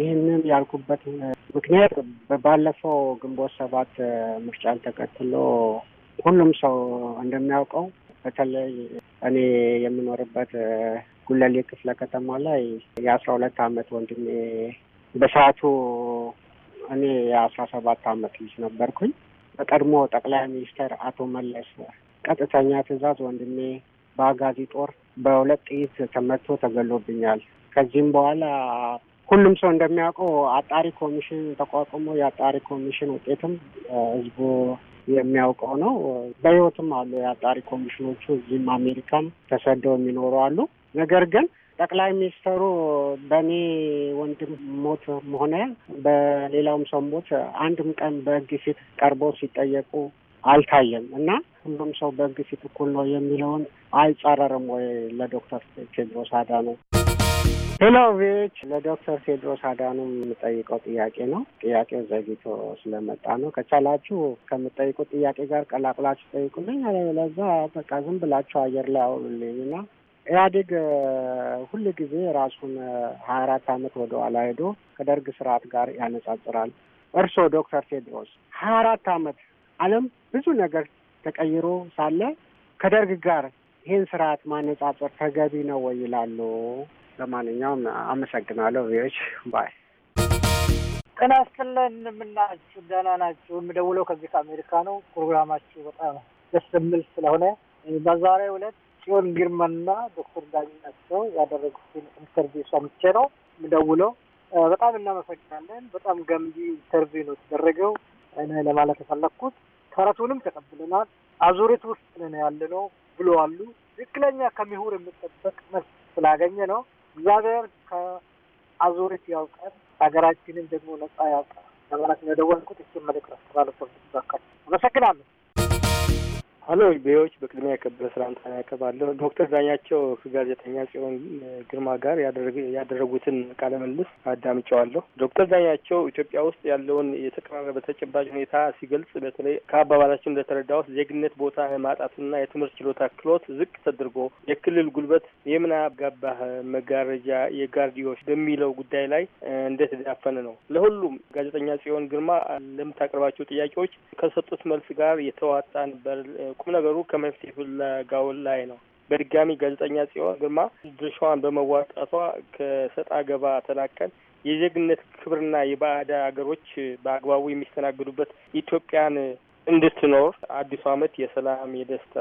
ይህንን ያልኩበት ምክንያት ባለፈው ግንቦት ሰባት ምርጫን ተከትሎ ሁሉም ሰው እንደሚያውቀው በተለይ እኔ የምኖርበት ጉለሌ ክፍለ ከተማ ላይ የአስራ ሁለት አመት ወንድሜ በሰዓቱ እኔ የአስራ ሰባት አመት ልጅ ነበርኩኝ። በቀድሞ ጠቅላይ ሚኒስትር አቶ መለስ ቀጥተኛ ትዕዛዝ ወንድሜ በአጋዚ ጦር በሁለት ጥይት ተመቶ ተገሎብኛል። ከዚህም በኋላ ሁሉም ሰው እንደሚያውቀው አጣሪ ኮሚሽን ተቋቁሞ የአጣሪ ኮሚሽን ውጤትም ህዝቡ የሚያውቀው ነው። በህይወትም አሉ የአጣሪ ኮሚሽኖቹ እዚህም አሜሪካም ተሰደው የሚኖሩ አሉ። ነገር ግን ጠቅላይ ሚኒስተሩ በእኔ ወንድም ሞት ሆነ በሌላውም ሰው ሞት አንድም ቀን በህግ ፊት ቀርቦ ሲጠየቁ አልታየም እና ሁሉም ሰው በህግ ፊት እኩል ነው የሚለውን አይጻረርም ወይ? ለዶክተር ቴድሮስ አዳኑ ሄሎ ቪች ለዶክተር ቴድሮስ አዳኑ የምጠይቀው ጥያቄ ነው። ጥያቄው ዘግይቶ ስለመጣ ነው። ከቻላችሁ ከምጠይቁ ጥያቄ ጋር ቀላቅላችሁ ጠይቁልኝ። ለዛ በቃ ዝም ብላችሁ አየር ላይ አውሉልኝ እና ኢህአዴግ ሁል ጊዜ ራሱን ሀያ አራት አመት ወደ ኋላ ሄዶ ከደርግ ስርዓት ጋር ያነጻጽራል። እርስዎ ዶክተር ቴድሮስ ሀያ አራት አመት አለም ብዙ ነገር ተቀይሮ ሳለ ከደርግ ጋር ይህን ስርዓት ማነጻጸር ተገቢ ነው ወይ ይላሉ? ለማንኛውም አመሰግናለሁ። ቪዎች ባይ ጤና ይስጥልን። የምናችሁ ደህና ናችሁ? የምደውለው ከዚህ ከአሜሪካ ነው። ፕሮግራማችሁ በጣም ደስ የሚል ስለሆነ በዛሬው ዕለት ጽዮን ግርማና ዶክተር ዳኛቸው ያደረጉትን ኢንተርቪው ሰምቼ ነው የምደውለው። በጣም እናመሰግናለን። በጣም ገንቢ ኢንተርቪው ነው የተደረገው። እኔ ለማለት የፈለግኩት ተረቱንም ተቀብለናል። አዙሪት ውስጥ ነን ያለ ነው ብለዋሉ። ትክክለኛ ከሚሁር የምጠበቅ መልስ ስላገኘ ነው። እግዚአብሔር ከአዙሪት ያውቀን፣ ሀገራችንም ደግሞ ነጻ ያውቀን ለማለት ነው የደወልኩት። እሱን መልዕክት አስተላለፈ። አመሰግናለሁ። አሎ ቤዎች በቅድሚያ የከበረ ሰላምታን ያቀርባለሁ። ዶክተር ዳኛቸው ከጋዜጠኛ ጽዮን ግርማ ጋር ያደረጉትን ቃለ ምልልስ አዳምጨዋለሁ። ዶክተር ዳኛቸው ኢትዮጵያ ውስጥ ያለውን የተቀራረበ ተጨባጭ ሁኔታ ሲገልጽ በተለይ ከአባባላቸው እንደተረዳሁት ዜግነት ቦታ ማጣትና የትምህርት ችሎታ ክሎት ዝቅ ተደርጎ የክልል ጉልበት የምን አጋባህ መጋረጃ የጋርዲዮች በሚለው ጉዳይ ላይ እንደተዳፈነ ነው። ለሁሉም ጋዜጠኛ ጽዮን ግርማ ለምታቀርባቸው ጥያቄዎች ከሰጡት መልስ ጋር የተዋጣ ነበር። ቁም ነገሩ ከመፍትሄ ፍለጋው ላይ ነው። በድጋሚ ጋዜጠኛ ጽዮን ግርማ ድርሻዋን በመዋጣቷ ከሰጣ ገባ ተላቀን የዜግነት ክብርና የባዕድ ሀገሮች በአግባቡ የሚስተናግዱበት ኢትዮጵያን እንድትኖር አዲሱ ዓመት የሰላም የደስታ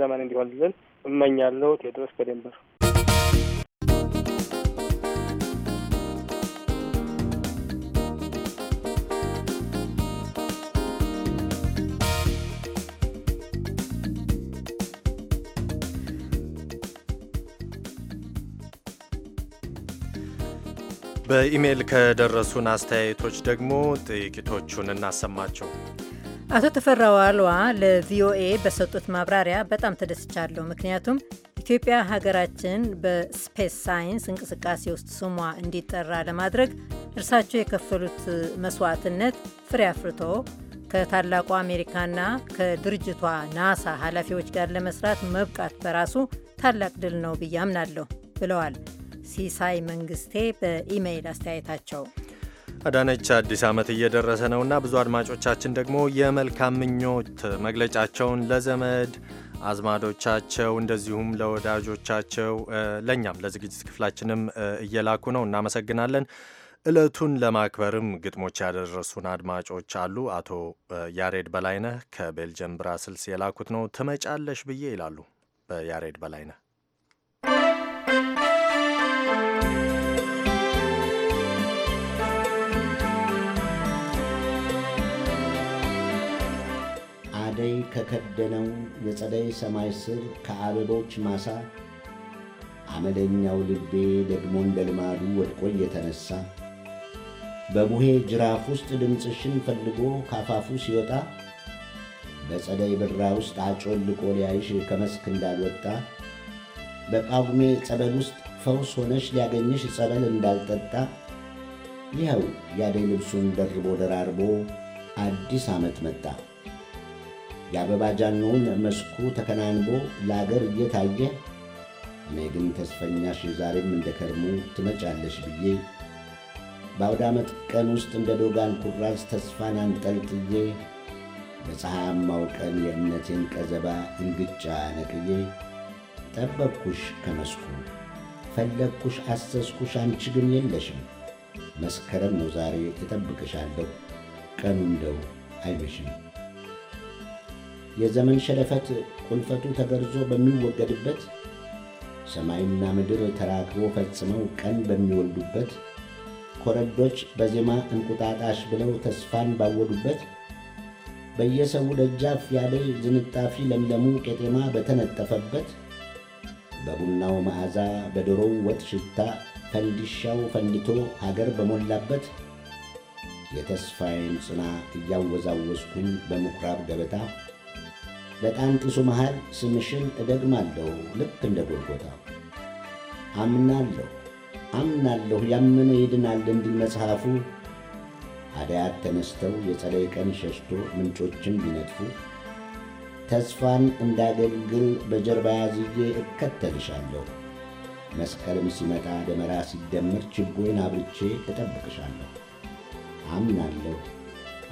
ዘመን እንዲሆንልን እመኛለሁ። ቴድሮስ ከደንበር በኢሜይል ከደረሱን አስተያየቶች ደግሞ ጥቂቶቹን እናሰማቸው። አቶ ተፈራ ዋልዋ ለቪኦኤ በሰጡት ማብራሪያ በጣም ተደስቻለሁ። ምክንያቱም ኢትዮጵያ ሀገራችን በስፔስ ሳይንስ እንቅስቃሴ ውስጥ ስሟ እንዲጠራ ለማድረግ እርሳቸው የከፈሉት መስዋዕትነት ፍሬ አፍርቶ ከታላቁ አሜሪካና ከድርጅቷ ናሳ ኃላፊዎች ጋር ለመስራት መብቃት በራሱ ታላቅ ድል ነው ብዬ አምናለሁ ብለዋል። ሲሳይ መንግስቴ በኢሜይል አስተያየታቸው አዳነች አዲስ ዓመት እየደረሰ ነውና ብዙ አድማጮቻችን ደግሞ የመልካም ምኞት መግለጫቸውን ለዘመድ አዝማዶቻቸው እንደዚሁም ለወዳጆቻቸው ለእኛም ለዝግጅት ክፍላችንም እየላኩ ነው። እናመሰግናለን። እለቱን ለማክበርም ግጥሞች ያደረሱን አድማጮች አሉ። አቶ ያሬድ በላይነህ ከቤልጅየም ብራስልስ የላኩት ነው። ትመጫለሽ ብዬ ይላሉ። በያሬድ በላይነህ አደይ ከከደነው የጸደይ ሰማይ ስር ከአበቦች ማሳ አመለኛው ልቤ ደግሞ እንደ ልማዱ ወድቆ እየተነሳ በቡሄ ጅራፍ ውስጥ ድምፅሽን ፈልጎ ካፋፉ ሲወጣ በጸደይ ብራ ውስጥ አጮልቆ ሊያይሽ ከመስክ እንዳልወጣ በጳጉሜ ጸበል ውስጥ ፈውስ ሆነሽ ሊያገኝሽ ጸበል እንዳልጠጣ ይኸው ያደይ ልብሱን ደርቦ ደራርቦ አዲስ ዓመት መጣ። የአበባ ጃኖውን መስኩ ተከናንቦ ለአገር እየታየ እኔ ግን ተስፈኛሽ ዛሬም እንደ ከርሙ ትመጫለሽ ብዬ በአውዳ ዓመት ቀን ውስጥ እንደ ዶጋን ኩራዝ ተስፋን አንጠልጥዬ በፀሐያማው ቀን የእምነቴን ቀዘባ እንግጫ ነቅዬ ጠበብኩሽ ከመስኩ ፈለግኩሽ አሰስኩሽ፣ አንቺ ግን የለሽም። መስከረም ነው ዛሬ እጠብቅሻለሁ፣ ቀኑ እንደው አይመሽም። የዘመን ሸለፈት ቁልፈቱ ተገርዞ በሚወገድበት ሰማይና ምድር ተራክቦ ፈጽመው ቀን በሚወልዱበት ኮረዶች በዜማ እንቁጣጣሽ ብለው ተስፋን ባወዱበት በየሰው ደጃፍ ያለ ዝንጣፊ ለምለሙ ቄጤማ በተነጠፈበት በቡናው መዓዛ በዶሮው ወጥ ሽታ ፈንዲሻው ፈንድቶ ሀገር በሞላበት የተስፋዬን ጽና እያወዛወዝኩን በምኩራብ ገበታ በጣንጢሱ መሃል ስምሽን እደግማለሁ ልክ እንደ ጎልጎታ አምናለሁ አምናለሁ ያመነ ይድናል እንዲል መጽሐፉ። አዳያት ተነስተው የጸለይ ቀን ሸሽቶ ምንጮችን ቢነጥፉ ተስፋን እንዳገልግል በጀርባ ያዝዬ እከተልሻለሁ። መስቀልም ሲመጣ ደመራ ሲደመር ችቦይን አብርቼ እጠብቅሻለሁ። አምናለሁ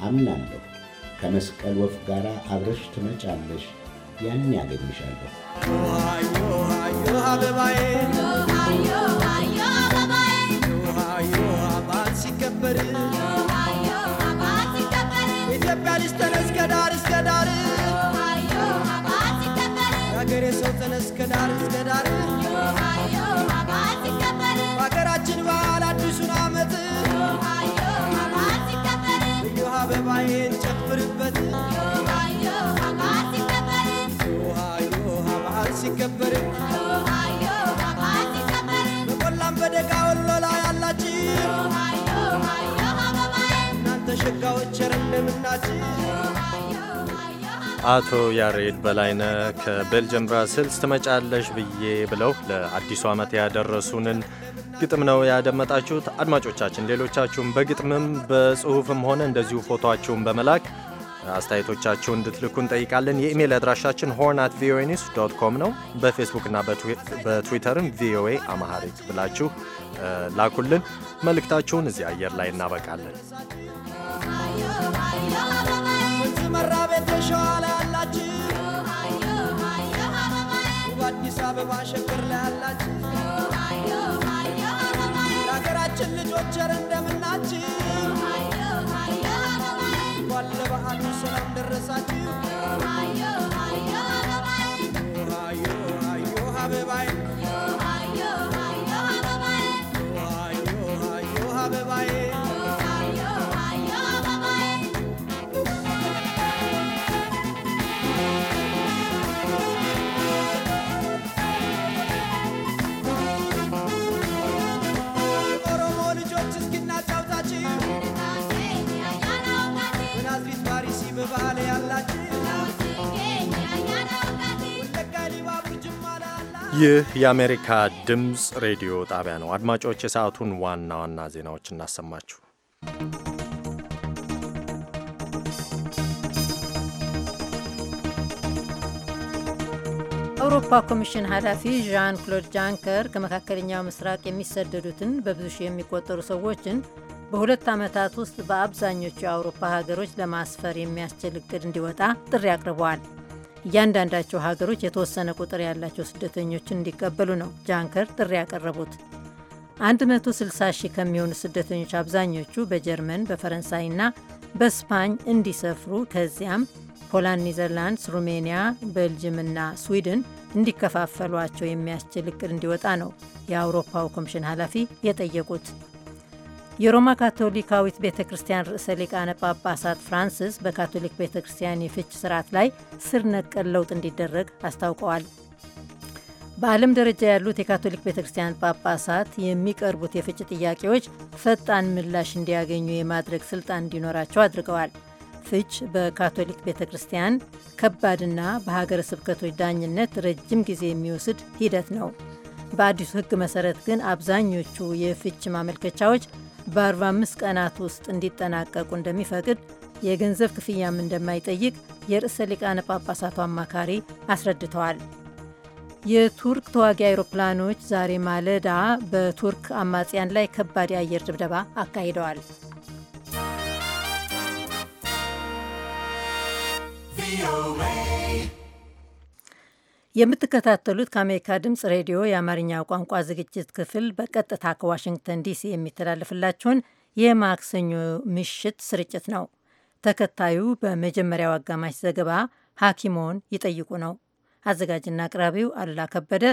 አምናለሁ ከመስቀል ወፍ ጋር አብረሽ ትመጫለሽ፣ ያን ያገኝሻለሁ። ኢትዮጵያ ልጅ ተነስ ከዳር እስከ ዳር ሀገሬ ሰው ተነስ ከዳር እስከ ዳር ሲከበርበት በዓል ሲከበር በቆላም በደጋ ወሎ ላይ እናንተ ሸጋዎች እንደምናችሁ አቶ ያሬድ በላይነ ከቤልጅየም ብራስልስ ትመጫለሽ ብዬ ብለው ለአዲሱ ዓመት ያደረሱንን ግጥም ነው ያደመጣችሁት። አድማጮቻችን ሌሎቻችሁም በግጥምም በጽሁፍም ሆነ እንደዚሁ ፎቶቸውን በመላክ አስተያየቶቻችሁ እንድትልኩ እንጠይቃለን። የኢሜይል አድራሻችን ሆርን አት ቪኦኤ ኒውስ ዶት ኮም ነው። በፌስቡክና በትዊተርም ቪኦኤ አማሃሪክ ብላችሁ ላኩልን መልእክታችሁን። እዚህ አየር ላይ እናበቃለን። አዲስ አበባ ሸገር ላይ ያላችሁ የሀገራችን ልጆች እንደምናችሁ dançadinho. ይህ የአሜሪካ ድምፅ ሬዲዮ ጣቢያ ነው። አድማጮች፣ የሰዓቱን ዋና ዋና ዜናዎች እናሰማችሁ። አውሮፓ ኮሚሽን ኃላፊ ዣን ክሎድ ጃንከር ከመካከለኛው ምስራቅ የሚሰደዱትን በብዙ ሺህ የሚቆጠሩ ሰዎችን በሁለት ዓመታት ውስጥ በአብዛኞቹ የአውሮፓ ሀገሮች ለማስፈር የሚያስችል እቅድ እንዲወጣ ጥሪ አቅርበዋል። እያንዳንዳቸው ሀገሮች የተወሰነ ቁጥር ያላቸው ስደተኞችን እንዲቀበሉ ነው ጃንከር ጥሪ ያቀረቡት። 160 ሺህ ከሚሆኑ ስደተኞች አብዛኞቹ በጀርመን በፈረንሳይና በስፓኝ እንዲሰፍሩ ከዚያም ፖላንድ፣ ኒዘርላንድስ፣ ሩሜኒያ፣ ቤልጅምና ስዊድን እንዲከፋፈሏቸው የሚያስችል እቅድ እንዲወጣ ነው የአውሮፓው ኮሚሽን ኃላፊ የጠየቁት። የሮማ ካቶሊካዊት ቤተ ክርስቲያን ርዕሰ ሊቃነ ጳጳሳት ፍራንስስ በካቶሊክ ቤተ ክርስቲያን የፍች ስርዓት ላይ ስር ነቀል ለውጥ እንዲደረግ አስታውቀዋል። በዓለም ደረጃ ያሉት የካቶሊክ ቤተ ክርስቲያን ጳጳሳት የሚቀርቡት የፍች ጥያቄዎች ፈጣን ምላሽ እንዲያገኙ የማድረግ ስልጣን እንዲኖራቸው አድርገዋል። ፍች በካቶሊክ ቤተ ክርስቲያን ከባድና በሀገረ ስብከቶች ዳኝነት ረጅም ጊዜ የሚወስድ ሂደት ነው። በአዲሱ ሕግ መሰረት ግን አብዛኞቹ የፍች ማመልከቻዎች በ45 ቀናት ውስጥ እንዲጠናቀቁ እንደሚፈቅድ የገንዘብ ክፍያም እንደማይጠይቅ የርዕሰ ሊቃነ ጳጳሳቱ አማካሪ አስረድተዋል። የቱርክ ተዋጊ አውሮፕላኖች ዛሬ ማለዳ በቱርክ አማጽያን ላይ ከባድ የአየር ድብደባ አካሂደዋል። ቪኦኤ የምትከታተሉት ከአሜሪካ ድምፅ ሬዲዮ የአማርኛ ቋንቋ ዝግጅት ክፍል በቀጥታ ከዋሽንግተን ዲሲ የሚተላለፍላችሁን የማክሰኞ ምሽት ስርጭት ነው። ተከታዩ በመጀመሪያው አጋማሽ ዘገባ ሐኪሞን ይጠይቁ ነው። አዘጋጅና አቅራቢው አሉላ ከበደ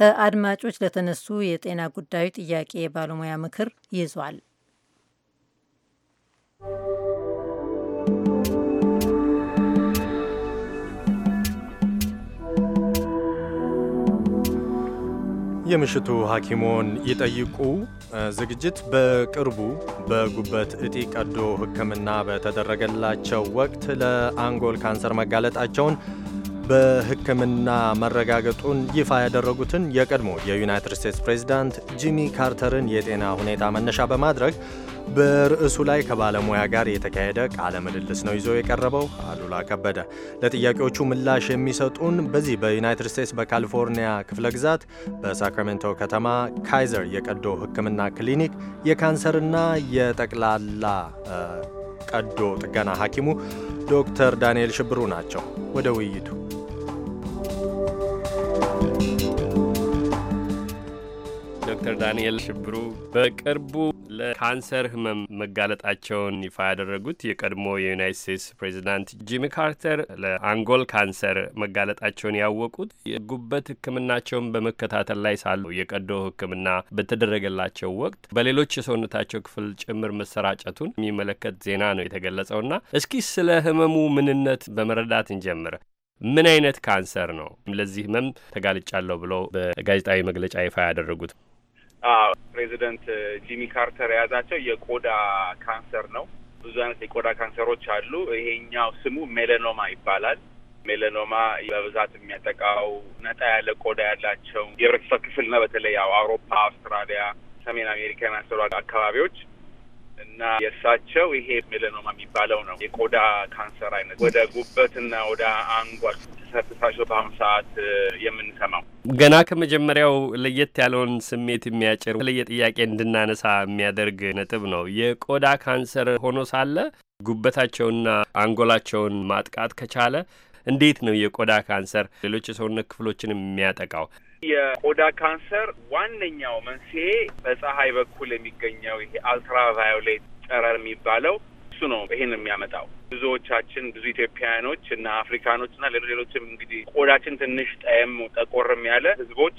ከአድማጮች ለተነሱ የጤና ጉዳዩ ጥያቄ የባለሙያ ምክር ይዟል። የምሽቱ ሐኪሞን ይጠይቁ ዝግጅት በቅርቡ በጉበት እጢ ቀዶ ሕክምና በተደረገላቸው ወቅት ለአንጎል ካንሰር መጋለጣቸውን በሕክምና መረጋገጡን ይፋ ያደረጉትን የቀድሞ የዩናይትድ ስቴትስ ፕሬዚዳንት ጂሚ ካርተርን የጤና ሁኔታ መነሻ በማድረግ በርዕሱ ላይ ከባለሙያ ጋር የተካሄደ ቃለ ምልልስ ነው ይዞ የቀረበው። አሉላ ከበደ ለጥያቄዎቹ ምላሽ የሚሰጡን በዚህ በዩናይትድ ስቴትስ በካሊፎርኒያ ክፍለ ግዛት በሳክራሜንቶ ከተማ ካይዘር የቀዶ ሕክምና ክሊኒክ የካንሰርና የጠቅላላ ቀዶ ጥገና ሐኪሙ ዶክተር ዳንኤል ሽብሩ ናቸው። ወደ ውይይቱ ዶክተር ዳንኤል ሽብሩ በቅርቡ ለካንሰር ህመም መጋለጣቸውን ይፋ ያደረጉት የቀድሞ የዩናይት ስቴትስ ፕሬዚዳንት ጂሚ ካርተር ለአንጎል ካንሰር መጋለጣቸውን ያወቁት የጉበት ሕክምናቸውን በመከታተል ላይ ሳሉ የቀዶ ሕክምና በተደረገላቸው ወቅት በሌሎች የሰውነታቸው ክፍል ጭምር መሰራጨቱን የሚመለከት ዜና ነው የተገለጸውና እስኪ ስለ ህመሙ ምንነት በመረዳት እንጀምር። ምን አይነት ካንሰር ነው ለዚህ ህመም ተጋልጫለሁ ብለው በጋዜጣዊ መግለጫ ይፋ ያደረጉት? ፕሬዚደንት ጂሚ ካርተር የያዛቸው የቆዳ ካንሰር ነው። ብዙ አይነት የቆዳ ካንሰሮች አሉ። ይሄኛው ስሙ ሜለኖማ ይባላል። ሜለኖማ በብዛት የሚያጠቃው ነጣ ያለ ቆዳ ያላቸው የህብረተሰብ ክፍል ነው። በተለይ ያው አውሮፓ፣ አውስትራሊያ፣ ሰሜን አሜሪካ የመሰሉ አካባቢዎች እና የእሳቸው ይሄ ሜለኖማ የሚባለው ነው የቆዳ ካንሰር አይነት ወደ ጉበትና ወደ አንጓል ተሰርሳቸው በአሁኑ ሰዓት የምንሰማው ገና ከመጀመሪያው ለየት ያለውን ስሜት የሚያጭር ለየ ጥያቄ እንድናነሳ የሚያደርግ ነጥብ ነው። የቆዳ ካንሰር ሆኖ ሳለ ጉበታቸውና አንጎላቸውን ማጥቃት ከቻለ እንዴት ነው የቆዳ ካንሰር ሌሎች የሰውነት ክፍሎችን የሚያጠቃው? የቆዳ ካንሰር ዋነኛው መንስኤ በፀሐይ በኩል የሚገኘው ይሄ አልትራቫዮሌት ጨረር የሚባለው እሱ ነው። ይሄን የሚያመጣው ብዙዎቻችን ብዙ ኢትዮጵያውያኖች እና አፍሪካኖች እና ሌሎችም እንግዲህ ቆዳችን ትንሽ ጠየም ጠቆርም ያለ ህዝቦች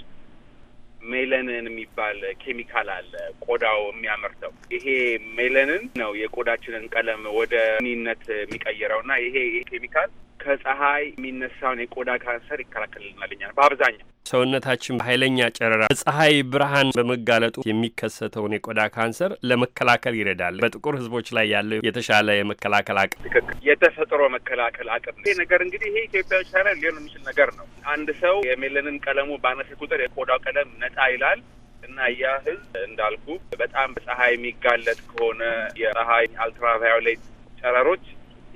ሜለንን የሚባል ኬሚካል አለ ቆዳው የሚያመርተው። ይሄ ሜለንን ነው የቆዳችንን ቀለም ወደ ኒነት የሚቀይረው እና ይሄ ይሄ ኬሚካል ከፀሐይ የሚነሳውን የቆዳ ካንሰር ይከላከልልናል። በአብዛኛው ሰውነታችን በኃይለኛ ጨረራ በፀሐይ ብርሃን በመጋለጡ የሚከሰተውን የቆዳ ካንሰር ለመከላከል ይረዳል። በጥቁር ሕዝቦች ላይ ያለው የተሻለ የመከላከል አቅም ትክክል፣ የተፈጥሮ መከላከል አቅም ይሄ ነገር እንግዲህ ይሄ ኢትዮጵያ ቻለ ሊሆን የሚችል ነገር ነው። አንድ ሰው የሜለንን ቀለሙ ባነሰ ቁጥር የቆዳው ቀለም ነጣ ይላል እና ያ ህዝብ እንዳልኩ በጣም በፀሐይ የሚጋለጥ ከሆነ የፀሐይ አልትራቫዮሌት ጨረሮች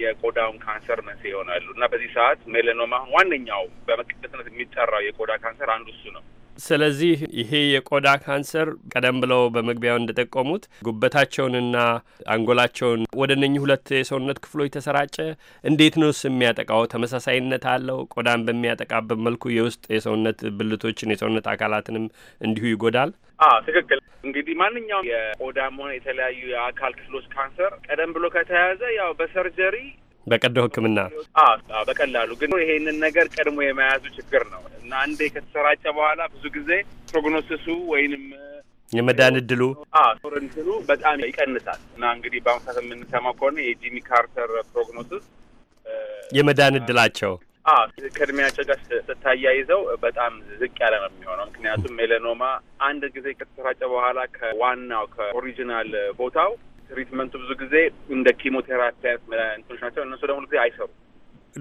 የቆዳውን ካንሰር መንስኤ ይሆናሉ እና በዚህ ሰዓት ሜለኖማ ዋነኛው በመቀጠልነት የሚጠራው የቆዳ ካንሰር አንዱ እሱ ነው። ስለዚህ ይሄ የቆዳ ካንሰር ቀደም ብለው በመግቢያው እንደጠቆሙት ጉበታቸውንና አንጎላቸውን ወደ እነኚህ ሁለት የሰውነት ክፍሎች ተሰራጨ። እንዴት ነውስ የሚያጠቃው? ተመሳሳይነት አለው? ቆዳን በሚያጠቃበት መልኩ የውስጥ የሰውነት ብልቶችን የሰውነት አካላትንም እንዲሁ ይጎዳል? ትክክል። እንግዲህ ማንኛውም የቆዳም ሆነ የተለያዩ የአካል ክፍሎች ካንሰር ቀደም ብሎ ከተያያዘ ያው በሰርጀሪ በቀዶ ሕክምና በቀላሉ ግን ይሄንን ነገር ቀድሞ የመያዙ ችግር ነው እና አንዴ ከተሰራጨ በኋላ ብዙ ጊዜ ፕሮግኖሲሱ ወይንም የመዳን እድሉ ሶርንትሉ በጣም ይቀንሳል እና እንግዲህ በአሁኑ ሰዓት የምንሰማው ከሆነ የጂሚ ካርተር ፕሮግኖሲስ የመዳን እድላቸው ከእድሜያቸው ጋር ስታያይዘው በጣም ዝቅ ያለ ነው የሚሆነው። ምክንያቱም ሜለኖማ አንድ ጊዜ ከተሰራጨ በኋላ ከዋናው ከኦሪጂናል ቦታው ትሪትመንቱ ብዙ ጊዜ እንደ ኪሞቴራፒ እንትኖች ናቸው። እነሱ ደግሞ ጊዜ አይሰሩ።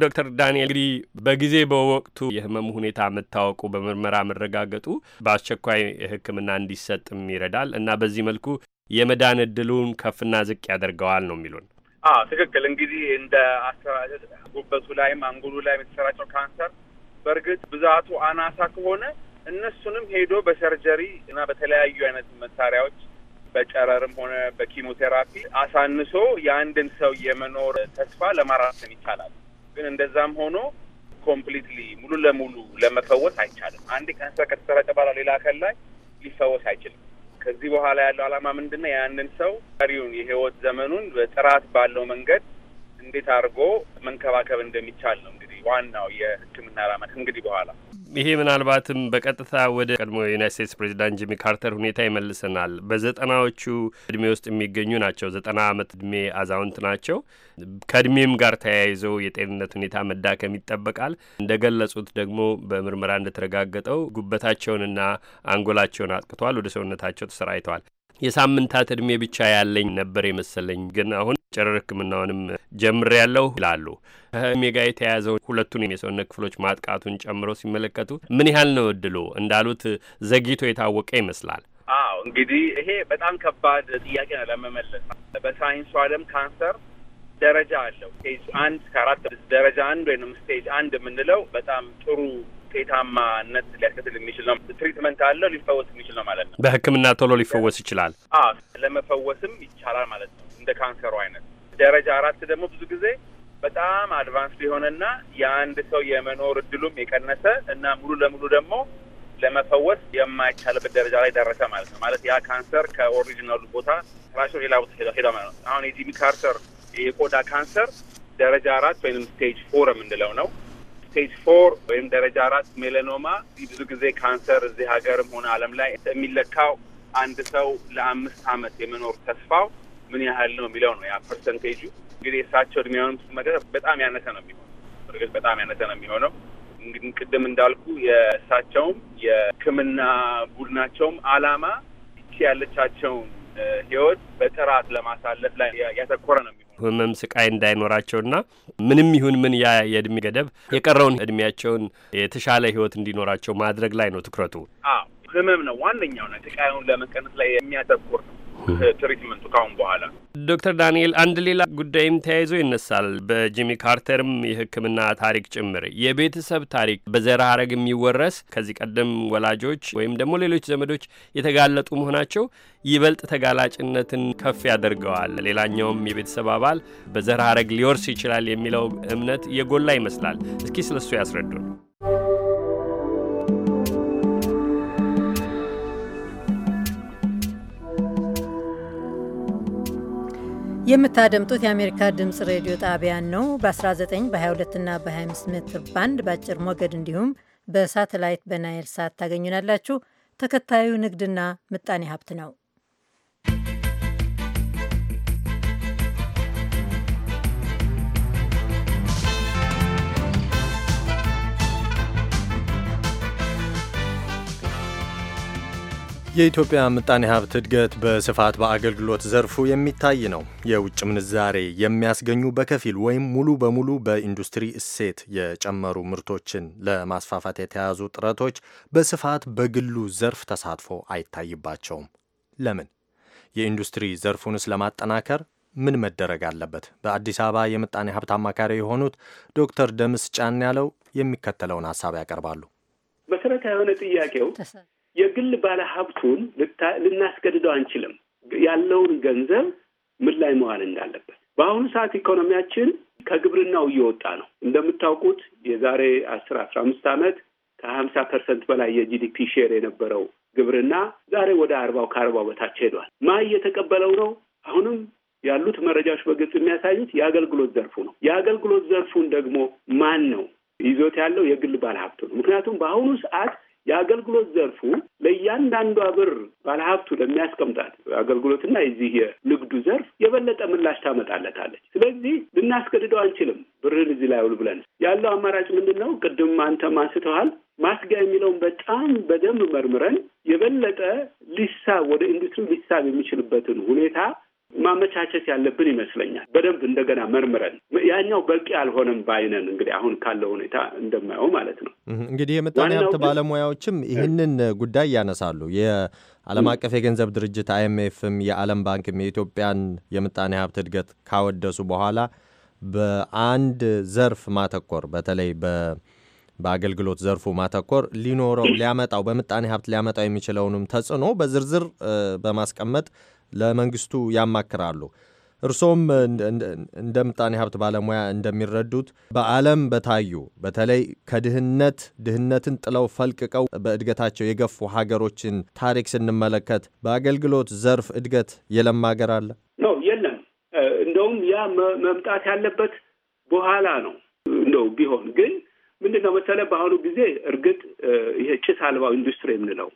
ዶክተር ዳንኤል እንግዲህ በጊዜ በወቅቱ የህመሙ ሁኔታ መታወቁ በምርመራ መረጋገጡ በአስቸኳይ ሕክምና እንዲሰጥም ይረዳል እና በዚህ መልኩ የመዳን እድሉን ከፍና ዝቅ ያደርገዋል ነው የሚሉን። አዎ ትክክል። እንግዲህ እንደ ጉበቱ ላይም አንጉሉ ላይም የተሰራጨው ካንሰር በእርግጥ ብዛቱ አናሳ ከሆነ እነሱንም ሄዶ በሰርጀሪ እና በተለያዩ አይነት መሳሪያዎች በጨረርም ሆነ በኪሞቴራፒ አሳንሶ የአንድን ሰው የመኖር ተስፋ ለማራዘም ይቻላል። ግን እንደዛም ሆኖ ኮምፕሊትሊ ሙሉ ለሙሉ ለመፈወስ አይቻልም። አንድ ካንሰር ከተሰራጨ በኋላ ሌላ አካል ላይ ሊፈወስ አይችልም። ከዚህ በኋላ ያለው ዓላማ ምንድነው? የአንድን ሰው ቀሪውን የህይወት ዘመኑን በጥራት ባለው መንገድ እንዴት አድርጎ መንከባከብ እንደሚቻል ነው እንግዲህ ዋናው የህክምና ዓላማ እንግዲህ በኋላ ይሄ ምናልባትም በቀጥታ ወደ ቀድሞ የዩናይት ስቴትስ ፕሬዚዳንት ጂሚ ካርተር ሁኔታ ይመልሰናል። በዘጠናዎቹ እድሜ ውስጥ የሚገኙ ናቸው። ዘጠና አመት እድሜ አዛውንት ናቸው። ከእድሜም ጋር ተያይዞ የጤንነት ሁኔታ መዳከም ይጠበቃል። እንደ ገለጹት ደግሞ በምርመራ እንደተረጋገጠው ጉበታቸውንና አንጎላቸውን አጥቅቷል። ወደ ሰውነታቸው ተሰራይተዋል። የሳምንታት ዕድሜ ብቻ ያለኝ ነበር የመሰለኝ፣ ግን አሁን ጨረር ሕክምናውንም ጀምር ያለው ይላሉ። ከዕድሜ ጋር የተያያዘውን ሁለቱን የሰውነት ክፍሎች ማጥቃቱን ጨምሮ ሲመለከቱ ምን ያህል ነው እድሉ? እንዳሉት ዘግይቶ የታወቀ ይመስላል። አዎ እንግዲህ ይሄ በጣም ከባድ ጥያቄ ነው ለመመለስ። በሳይንሱ ዓለም ካንሰር ደረጃ አለው። ስቴጅ አንድ ከአራት ደረጃ አንድ ወይም ስቴጅ አንድ የምንለው በጣም ጥሩ ውጤታማነት ሊያስከትል የሚችል ነው። ትሪትመንት አለው ሊፈወስ የሚችል ነው ማለት ነው። በህክምና ቶሎ ሊፈወስ ይችላል። ለመፈወስም ይቻላል ማለት ነው። እንደ ካንሰሩ አይነት ደረጃ አራት ደግሞ ብዙ ጊዜ በጣም አድቫንስ ሊሆነና የአንድ ሰው የመኖር እድሉም የቀነሰ እና ሙሉ ለሙሉ ደግሞ ለመፈወስ የማይቻልበት ደረጃ ላይ ደረሰ ማለት ነው። ማለት ያ ካንሰር ከኦሪጂናሉ ቦታ ራሽ ሌላ ቦታ ሄዳ ሄዳ ማለት ነው። አሁን የጂሚ ካርተር የቆዳ ካንሰር ደረጃ አራት ወይም ስቴጅ ፎር የምንለው ነው። ስቴጅ ፎር ወይም ደረጃ አራት ሜለኖማ ብዙ ጊዜ ካንሰር እዚህ ሀገርም ሆነ ዓለም ላይ የሚለካው አንድ ሰው ለአምስት ዓመት የመኖር ተስፋው ምን ያህል ነው የሚለው ነው። ያ ፐርሰንቴጁ እንግዲህ የእሳቸው እድሜያውንም ስመገብ በጣም ያነሰ ነው የሚሆነው። እርግጥ በጣም ያነሰ ነው የሚሆነው። እንግዲህ ቅድም እንዳልኩ የእሳቸውም የሕክምና ቡድናቸውም አላማ ይቺ ያለቻቸውን ህይወት በጥራት ለማሳለፍ ላይ ያተኮረ ነው የሚሆነው። ህመም፣ ስቃይ እንዳይኖራቸውና ምንም ይሁን ምን ያ የእድሜ ገደብ የቀረውን እድሜያቸውን የተሻለ ህይወት እንዲኖራቸው ማድረግ ላይ ነው ትኩረቱ። ህመም ነው ዋነኛው ነው። ስቃዩን ለመቀነስ ላይ የሚያተኩር ነው ትሪትመንቱ ካሁን በኋላ። ዶክተር ዳንኤል አንድ ሌላ ጉዳይም ተያይዞ ይነሳል። በጂሚ ካርተርም የሕክምና ታሪክ ጭምር የቤተሰብ ታሪክ በዘር ሐረግ የሚወረስ ከዚህ ቀደም ወላጆች ወይም ደግሞ ሌሎች ዘመዶች የተጋለጡ መሆናቸው ይበልጥ ተጋላጭነትን ከፍ ያደርገዋል። ሌላኛውም የቤተሰብ አባል በዘር ሐረግ ሊወርስ ይችላል የሚለው እምነት የጎላ ይመስላል። እስኪ ስለሱ ያስረዱን። የምታደምጡት የአሜሪካ ድምፅ ሬዲዮ ጣቢያን ነው። በ19 በ22 እና በ25 ሜትር ባንድ በአጭር ሞገድ እንዲሁም በሳተላይት በናይል ሳት ታገኙናላችሁ። ተከታዩ ንግድና ምጣኔ ሀብት ነው። የኢትዮጵያ ምጣኔ ሀብት እድገት በስፋት በአገልግሎት ዘርፉ የሚታይ ነው። የውጭ ምንዛሬ የሚያስገኙ በከፊል ወይም ሙሉ በሙሉ በኢንዱስትሪ እሴት የጨመሩ ምርቶችን ለማስፋፋት የተያዙ ጥረቶች በስፋት በግሉ ዘርፍ ተሳትፎ አይታይባቸውም። ለምን? የኢንዱስትሪ ዘርፉንስ ለማጠናከር ምን መደረግ አለበት? በአዲስ አበባ የምጣኔ ሀብት አማካሪ የሆኑት ዶክተር ደምስ ጫን ያለው የሚከተለውን ሀሳብ ያቀርባሉ። መሰረታዊ የሆነ ጥያቄው የግል ባለሀብቱን ልናስገድደው አንችልም። ያለውን ገንዘብ ምን ላይ መዋል እንዳለበት በአሁኑ ሰዓት ኢኮኖሚያችን ከግብርናው እየወጣ ነው። እንደምታውቁት የዛሬ አስር አስራ አምስት ዓመት ከሀምሳ ፐርሰንት በላይ የጂዲፒ ሼር የነበረው ግብርና ዛሬ ወደ አርባው ከአርባው በታች ሄዷል። ማ እየተቀበለው ነው? አሁንም ያሉት መረጃዎች በግልጽ የሚያሳዩት የአገልግሎት ዘርፉ ነው። የአገልግሎት ዘርፉን ደግሞ ማን ነው ይዞት ያለው? የግል ባለሀብቱ ነው። ምክንያቱም በአሁኑ ሰዓት የአገልግሎት ዘርፉ ለእያንዳንዷ ብር ባለሀብቱ ለሚያስቀምጣት አገልግሎትና የዚህ የንግዱ ዘርፍ የበለጠ ምላሽ ታመጣለታለች። ስለዚህ ልናስገድደው አንችልም። ብርን እዚህ ላይ አውል ብለን ያለው አማራጭ ምንድን ነው? ቅድም አንተም አንስተዋል። ማስጊያ የሚለውን በጣም በደንብ መርምረን የበለጠ ሊሳብ ወደ ኢንዱስትሪ ሊሳብ የሚችልበትን ሁኔታ ማመቻቸት ያለብን ይመስለኛል። በደንብ እንደገና መርምረን ያኛው በቂ አልሆነም ባይነን እንግዲህ አሁን ካለው ሁኔታ እንደማየው ማለት ነው። እንግዲህ የምጣኔ ሀብት ባለሙያዎችም ይህንን ጉዳይ ያነሳሉ። የዓለም አቀፍ የገንዘብ ድርጅት አይኤምኤፍም የዓለም ባንክም የኢትዮጵያን የምጣኔ ሀብት እድገት ካወደሱ በኋላ በአንድ ዘርፍ ማተኮር በተለይ በአገልግሎት ዘርፉ ማተኮር ሊኖረው ሊያመጣው በምጣኔ ሀብት ሊያመጣው የሚችለውንም ተጽዕኖ በዝርዝር በማስቀመጥ ለመንግስቱ ያማክራሉ። እርሶም እንደ ምጣኔ ሀብት ባለሙያ እንደሚረዱት በዓለም በታዩ በተለይ ከድህነት ድህነትን ጥለው ፈልቅቀው በእድገታቸው የገፉ ሀገሮችን ታሪክ ስንመለከት በአገልግሎት ዘርፍ እድገት የለማ ሀገር አለ? ነው የለም። እንደውም ያ መምጣት ያለበት በኋላ ነው። እንደው ቢሆን ግን ምንድን ነው መሰለህ፣ በአሁኑ ጊዜ እርግጥ ይሄ ጭስ አልባው ኢንዱስትሪ የምንለው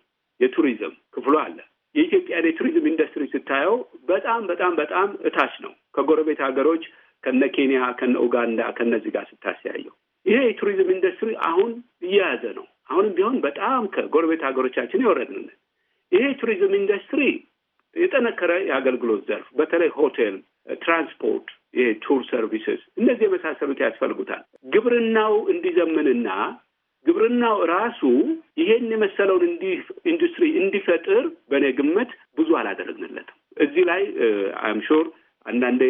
የቱሪዝም ክፍሉ አለ የኢትዮጵያን የቱሪዝም ኢንዱስትሪ ስታየው በጣም በጣም በጣም እታች ነው ከጎረቤት ሀገሮች ከነ ኬንያ ከነ ኡጋንዳ ከነዚህ ጋር ስታስያየው ይሄ የቱሪዝም ኢንዱስትሪ አሁን እየያዘ ነው። አሁንም ቢሆን በጣም ከጎረቤት ሀገሮቻችን የወረድን። ይሄ የቱሪዝም ኢንዱስትሪ የጠነከረ የአገልግሎት ዘርፍ በተለይ ሆቴል፣ ትራንስፖርት፣ ይሄ ቱር ሰርቪስስ እነዚህ የመሳሰሉት ያስፈልጉታል። ግብርናው እንዲዘምንና ግብርናው ራሱ ይሄን የመሰለውን ኢንዱስትሪ እንዲፈጥር በእኔ ግምት ብዙ አላደረግንለትም። እዚህ ላይ ሹር አንዳንዴ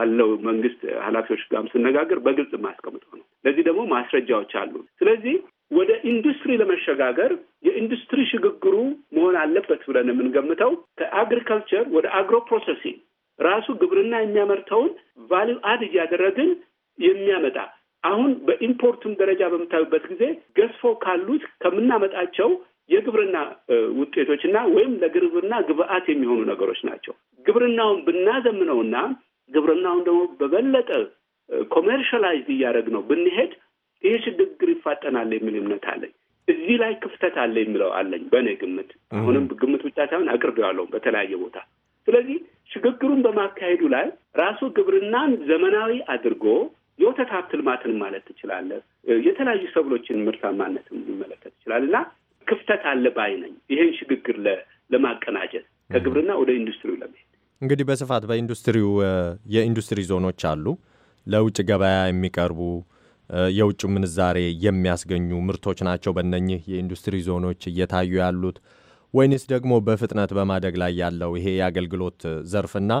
አለው መንግስት ኃላፊዎች ጋርም ስነጋገር በግልጽ የማስቀምጠው ነው። ለዚህ ደግሞ ማስረጃዎች አሉ። ስለዚህ ወደ ኢንዱስትሪ ለመሸጋገር የኢንዱስትሪ ሽግግሩ መሆን አለበት ብለን የምንገምተው ከአግሪካልቸር ወደ አግሮ ፕሮሰሲንግ ራሱ ግብርና የሚያመርተውን ቫሊዩ አድ እያደረግን የሚያመጣ አሁን በኢምፖርቱም ደረጃ በምታዩበት ጊዜ ገዝፎ ካሉት ከምናመጣቸው የግብርና ውጤቶች እና ወይም ለግብርና ግብአት የሚሆኑ ነገሮች ናቸው። ግብርናውን ብናዘምነውና ግብርናውን ደግሞ በበለጠ ኮሜርሻላይዝ እያደረግ ነው ብንሄድ ይህ ሽግግር ይፋጠናል የሚል እምነት አለኝ። እዚህ ላይ ክፍተት አለ የሚለው አለኝ በእኔ ግምት። አሁንም ግምት ብቻ ሳይሆን አቅርቤዋለሁ በተለያየ ቦታ። ስለዚህ ሽግግሩን በማካሄዱ ላይ ራሱ ግብርናን ዘመናዊ አድርጎ የወተት ሀብት ልማትን ማለት ትችላለህ። የተለያዩ ሰብሎችን ምርታማነትን ሊመለከት ይችላል እና ክፍተት አለ ባይ ነኝ። ይህን ሽግግር ለማቀናጀት ከግብርና ወደ ኢንዱስትሪው ለመሄድ እንግዲህ በስፋት በኢንዱስትሪው የኢንዱስትሪ ዞኖች አሉ ለውጭ ገበያ የሚቀርቡ የውጭ ምንዛሬ የሚያስገኙ ምርቶች ናቸው በእነኚህ የኢንዱስትሪ ዞኖች እየታዩ ያሉት ወይንስ ደግሞ በፍጥነት በማደግ ላይ ያለው ይሄ የአገልግሎት ዘርፍና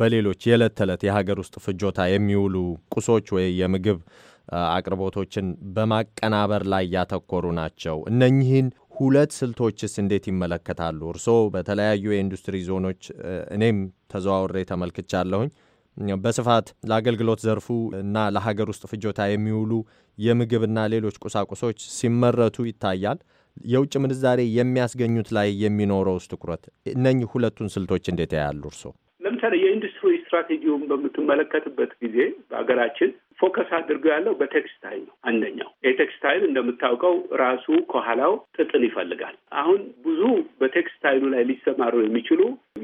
በሌሎች የዕለት ተዕለት የሀገር ውስጥ ፍጆታ የሚውሉ ቁሶች ወይ የምግብ አቅርቦቶችን በማቀናበር ላይ ያተኮሩ ናቸው። እነኚህን ሁለት ስልቶችስ እንዴት ይመለከታሉ? እርስዎ በተለያዩ የኢንዱስትሪ ዞኖች እኔም ተዘዋውሬ ተመልክቻለሁኝ። በስፋት ለአገልግሎት ዘርፉ እና ለሀገር ውስጥ ፍጆታ የሚውሉ የምግብና ሌሎች ቁሳቁሶች ሲመረቱ ይታያል። የውጭ ምንዛሬ የሚያስገኙት ላይ የሚኖረውስ ትኩረት እነኚህ ሁለቱን ስልቶች እንዴት ያያሉ እርስዎ? ለምሳሌ የኢንዱስትሪ ስትራቴጂውን በምትመለከትበት ጊዜ በሀገራችን ፎከስ አድርጎ ያለው በቴክስታይል ነው። አንደኛው የቴክስታይል እንደምታውቀው ራሱ ከኋላው ጥጥን ይፈልጋል። አሁን ብዙ በቴክስታይሉ ላይ ሊሰማሩ የሚችሉ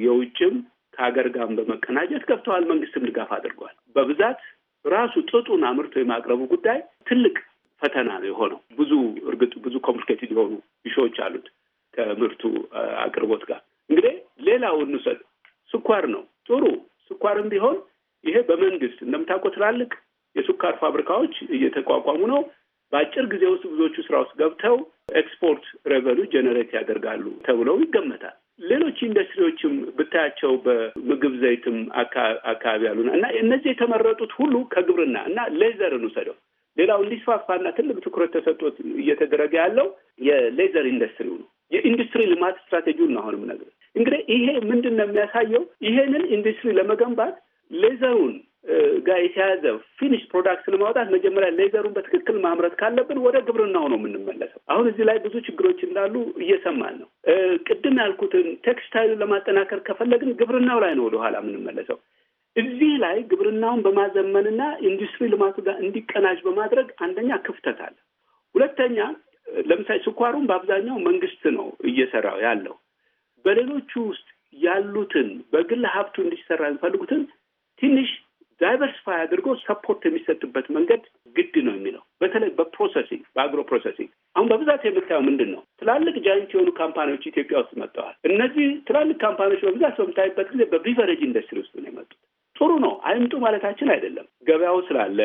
የውጭም ከሀገር ጋር በመቀናጀት ገብተዋል። መንግስትም ድጋፍ አድርጓል። በብዛት ራሱ ጥጡን አምርቶ የማቅረቡ ጉዳይ ትልቅ ፈተና ነው የሆነው። ብዙ እርግጥ ብዙ ኮምፕሊኬትድ የሆኑ ኢሹዎች አሉት ከምርቱ አቅርቦት ጋር እንግዲህ ሌላው እንውሰድ ስኳር ነው። ጥሩ ስኳርም ቢሆን ይሄ በመንግስት እንደምታውቀው ትላልቅ የስኳር ፋብሪካዎች እየተቋቋሙ ነው። በአጭር ጊዜ ውስጥ ብዙዎቹ ስራ ውስጥ ገብተው ኤክስፖርት ሬቨኑ ጀነሬት ያደርጋሉ ተብለው ይገመታል። ሌሎች ኢንዱስትሪዎችም ብታያቸው በምግብ ዘይትም አካባቢ ያሉና እና እነዚህ የተመረጡት ሁሉ ከግብርና እና ሌዘር እንውሰደው። ሌላው እንዲስፋፋና ትልቅ ትኩረት ተሰጥቶት እየተደረገ ያለው የሌዘር ኢንዱስትሪው ነው። የኢንዱስትሪ ልማት ስትራቴጂውን ነው አሁንም ነገር እንግዲህ ይሄ ምንድን ነው የሚያሳየው? ይሄንን ኢንዱስትሪ ለመገንባት ሌዘሩን ጋር የተያዘ ፊኒሽ ፕሮዳክት ለማውጣት መጀመሪያ ሌዘሩን በትክክል ማምረት ካለብን ወደ ግብርናው ነው የምንመለሰው። አሁን እዚህ ላይ ብዙ ችግሮች እንዳሉ እየሰማን ነው። ቅድም ያልኩትን ቴክስታይሉ ለማጠናከር ከፈለግን ግብርናው ላይ ነው ወደኋላ የምንመለሰው። እዚህ ላይ ግብርናውን በማዘመንና ኢንዱስትሪ ልማቱ ጋር እንዲቀናጅ በማድረግ አንደኛ ክፍተት አለ። ሁለተኛ ለምሳሌ ስኳሩን በአብዛኛው መንግስት ነው እየሰራው ያለው በሌሎቹ ውስጥ ያሉትን በግል ሀብቱ እንዲሰራ የሚፈልጉትን ትንሽ ዳይቨርሲፋይ አድርጎ ሰፖርት የሚሰጥበት መንገድ ግድ ነው የሚለው በተለይ በፕሮሰሲንግ በአግሮ ፕሮሰሲንግ አሁን በብዛት የምታየው ምንድን ነው? ትላልቅ ጃይንት የሆኑ ካምፓኒዎች ኢትዮጵያ ውስጥ መጥተዋል። እነዚህ ትላልቅ ካምፓኒዎች በብዛት በምታይበት ጊዜ በቢቨሬጅ ኢንዱስትሪ ውስጥ ነው የመጡት። ጥሩ ነው፣ አይምጡ ማለታችን አይደለም። ገበያው ስላለ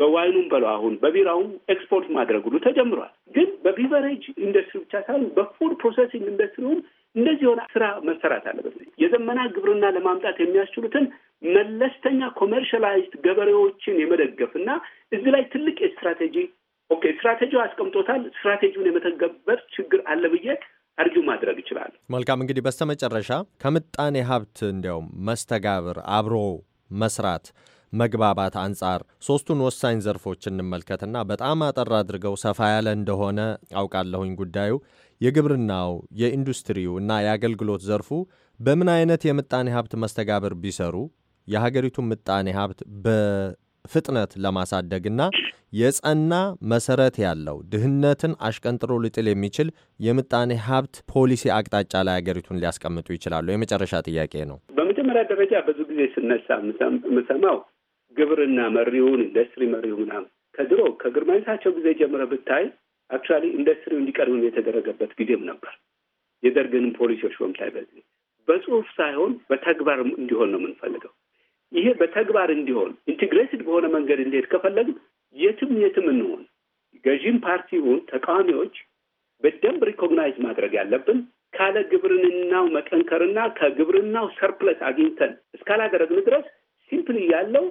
በዋይኑም በለው አሁን በቢራውም ኤክስፖርት ማድረግ ሁሉ ተጀምሯል። ግን በቢቨሬጅ ኢንዱስትሪ ብቻ ሳይሆን በፉድ ፕሮሰሲንግ ኢንዱስትሪውም እንደዚህ የሆነ ስራ መሰራት አለበት። የዘመና ግብርና ለማምጣት የሚያስችሉትን መለስተኛ ኮመርሻላይዝድ ገበሬዎችን የመደገፍ እና እዚህ ላይ ትልቅ የስትራቴጂ ኦኬ ስትራቴጂው አስቀምጦታል። ስትራቴጂውን የመተገበር ችግር አለ ብዬ አርጁ ማድረግ ይችላል። መልካም እንግዲህ በስተመጨረሻ ከምጣኔ ሀብት እንዲያውም መስተጋብር አብሮ መስራት መግባባት አንጻር ሶስቱን ወሳኝ ዘርፎች እንመልከትና በጣም አጠር አድርገው ሰፋ ያለ እንደሆነ አውቃለሁኝ። ጉዳዩ የግብርናው፣ የኢንዱስትሪው እና የአገልግሎት ዘርፉ በምን አይነት የምጣኔ ሀብት መስተጋብር ቢሰሩ የሀገሪቱን ምጣኔ ሀብት በፍጥነት ለማሳደግና የጸና መሰረት ያለው ድህነትን አሽቀንጥሮ ሊጥል የሚችል የምጣኔ ሀብት ፖሊሲ አቅጣጫ ላይ ሀገሪቱን ሊያስቀምጡ ይችላሉ? የመጨረሻ ጥያቄ ነው። በመጀመሪያ ደረጃ ብዙ ጊዜ ስነሳ ምሰማው ግብርና መሪውን ኢንዱስትሪ መሪው ምናምን ከድሮ ከግርማዊነታቸው ጊዜ ጀምረ ብታይ አክቹዋሊ ኢንዱስትሪው እንዲቀድምም የተደረገበት ጊዜም ነበር። የደርግንም ፖሊሲዎች በምታይ በዚህ በጽሁፍ ሳይሆን በተግባር እንዲሆን ነው የምንፈልገው። ይሄ በተግባር እንዲሆን ኢንቴግሬትድ በሆነ መንገድ እንዴት ከፈለግን የትም የትም እንሆን ገዢም ፓርቲውን ተቃዋሚዎች በደንብ ሪኮግናይዝ ማድረግ ያለብን ካለ ግብርናው መጠንከርና ከግብርናው ሰርፕለስ አግኝተን እስካላደረግን ድረስ ሲምፕሊ ያለው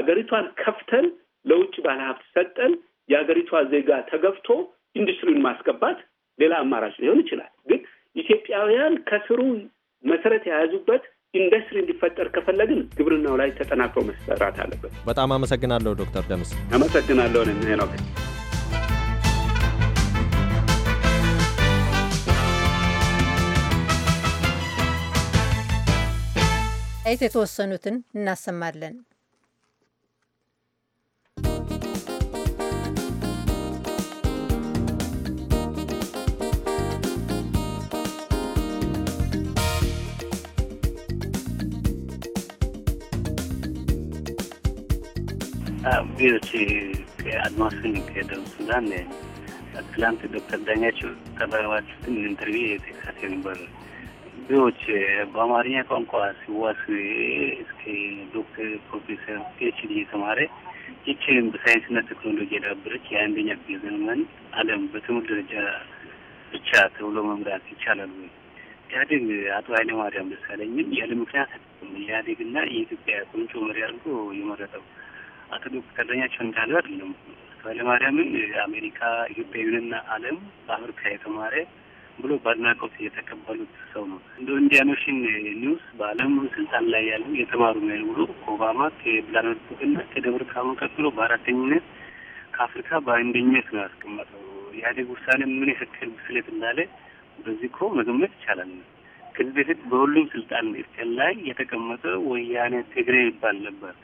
አገሪቷን ከፍተን ለውጭ ባለሀብት ሰጠን የአገሪቷ ዜጋ ተገፍቶ ኢንዱስትሪውን ማስገባት ሌላ አማራጭ ሊሆን ይችላል። ግን ኢትዮጵያውያን ከስሩ መሰረት የያዙበት ኢንዱስትሪ እንዲፈጠር ከፈለግን ግብርናው ላይ ተጠናክሮ መሰራት አለበት። በጣም አመሰግናለሁ ዶክተር ደምስ አመሰግናለሁ። ሄኖክ የተወሰኑትን እናሰማለን። ጊዜዎች አድማስን ከደቡብ ሱዳን ትላንት ዶክተር ዳኛቸው ተባባትን ኢንተርቪ ቴክሳስ ነበር። ብዙዎች በአማርኛ ቋንቋ ሲዋስ እስከ ዶክተር ፕሮፌሰር ፒኤችዲ የተማረ ይችም በሳይንስና ቴክኖሎጂ የዳበረች የአንደኛ ክፍለ ዘመን ዓለም በትምህርት ደረጃ ብቻ ተብሎ መምራት ይቻላል ወይ? ኢህአዴግ አቶ ኃይለ ማርያም ደሳለኝም ያለ ምክንያት ኢህአዴግና የኢትዮጵያ ቁንጮ መሪ አድርጎ የመረጠው አቶ ዶክተር ዳኛቸው እንዳለው አይደለም። ማርያምን የአሜሪካ ኢትዮጵያዊንና ዓለም በአፍሪካ የተማረ ብሎ በአድናቆት የተቀበሉት ሰው ነው። እንደ ኢንዲያኖሽን ኒውስ በዓለም ስልጣን ላይ ያሉ የተማሩ ነው ብሎ ኦባማ ከብላንድ ቡክና ከደብረ ካሙ ቀጥሎ በአራተኝነት ከአፍሪካ በአንደኝነት ነው ያስቀመጠው። ኢህአዴግ ውሳኔ ምን ያክል ብስለት እንዳለ በዚህ እኮ መገመት ይቻላል። ከዚህ በፊት በሁሉም ስልጣን እርከን ላይ የተቀመጠ ወያኔ ትግሬ ይባል ነበር።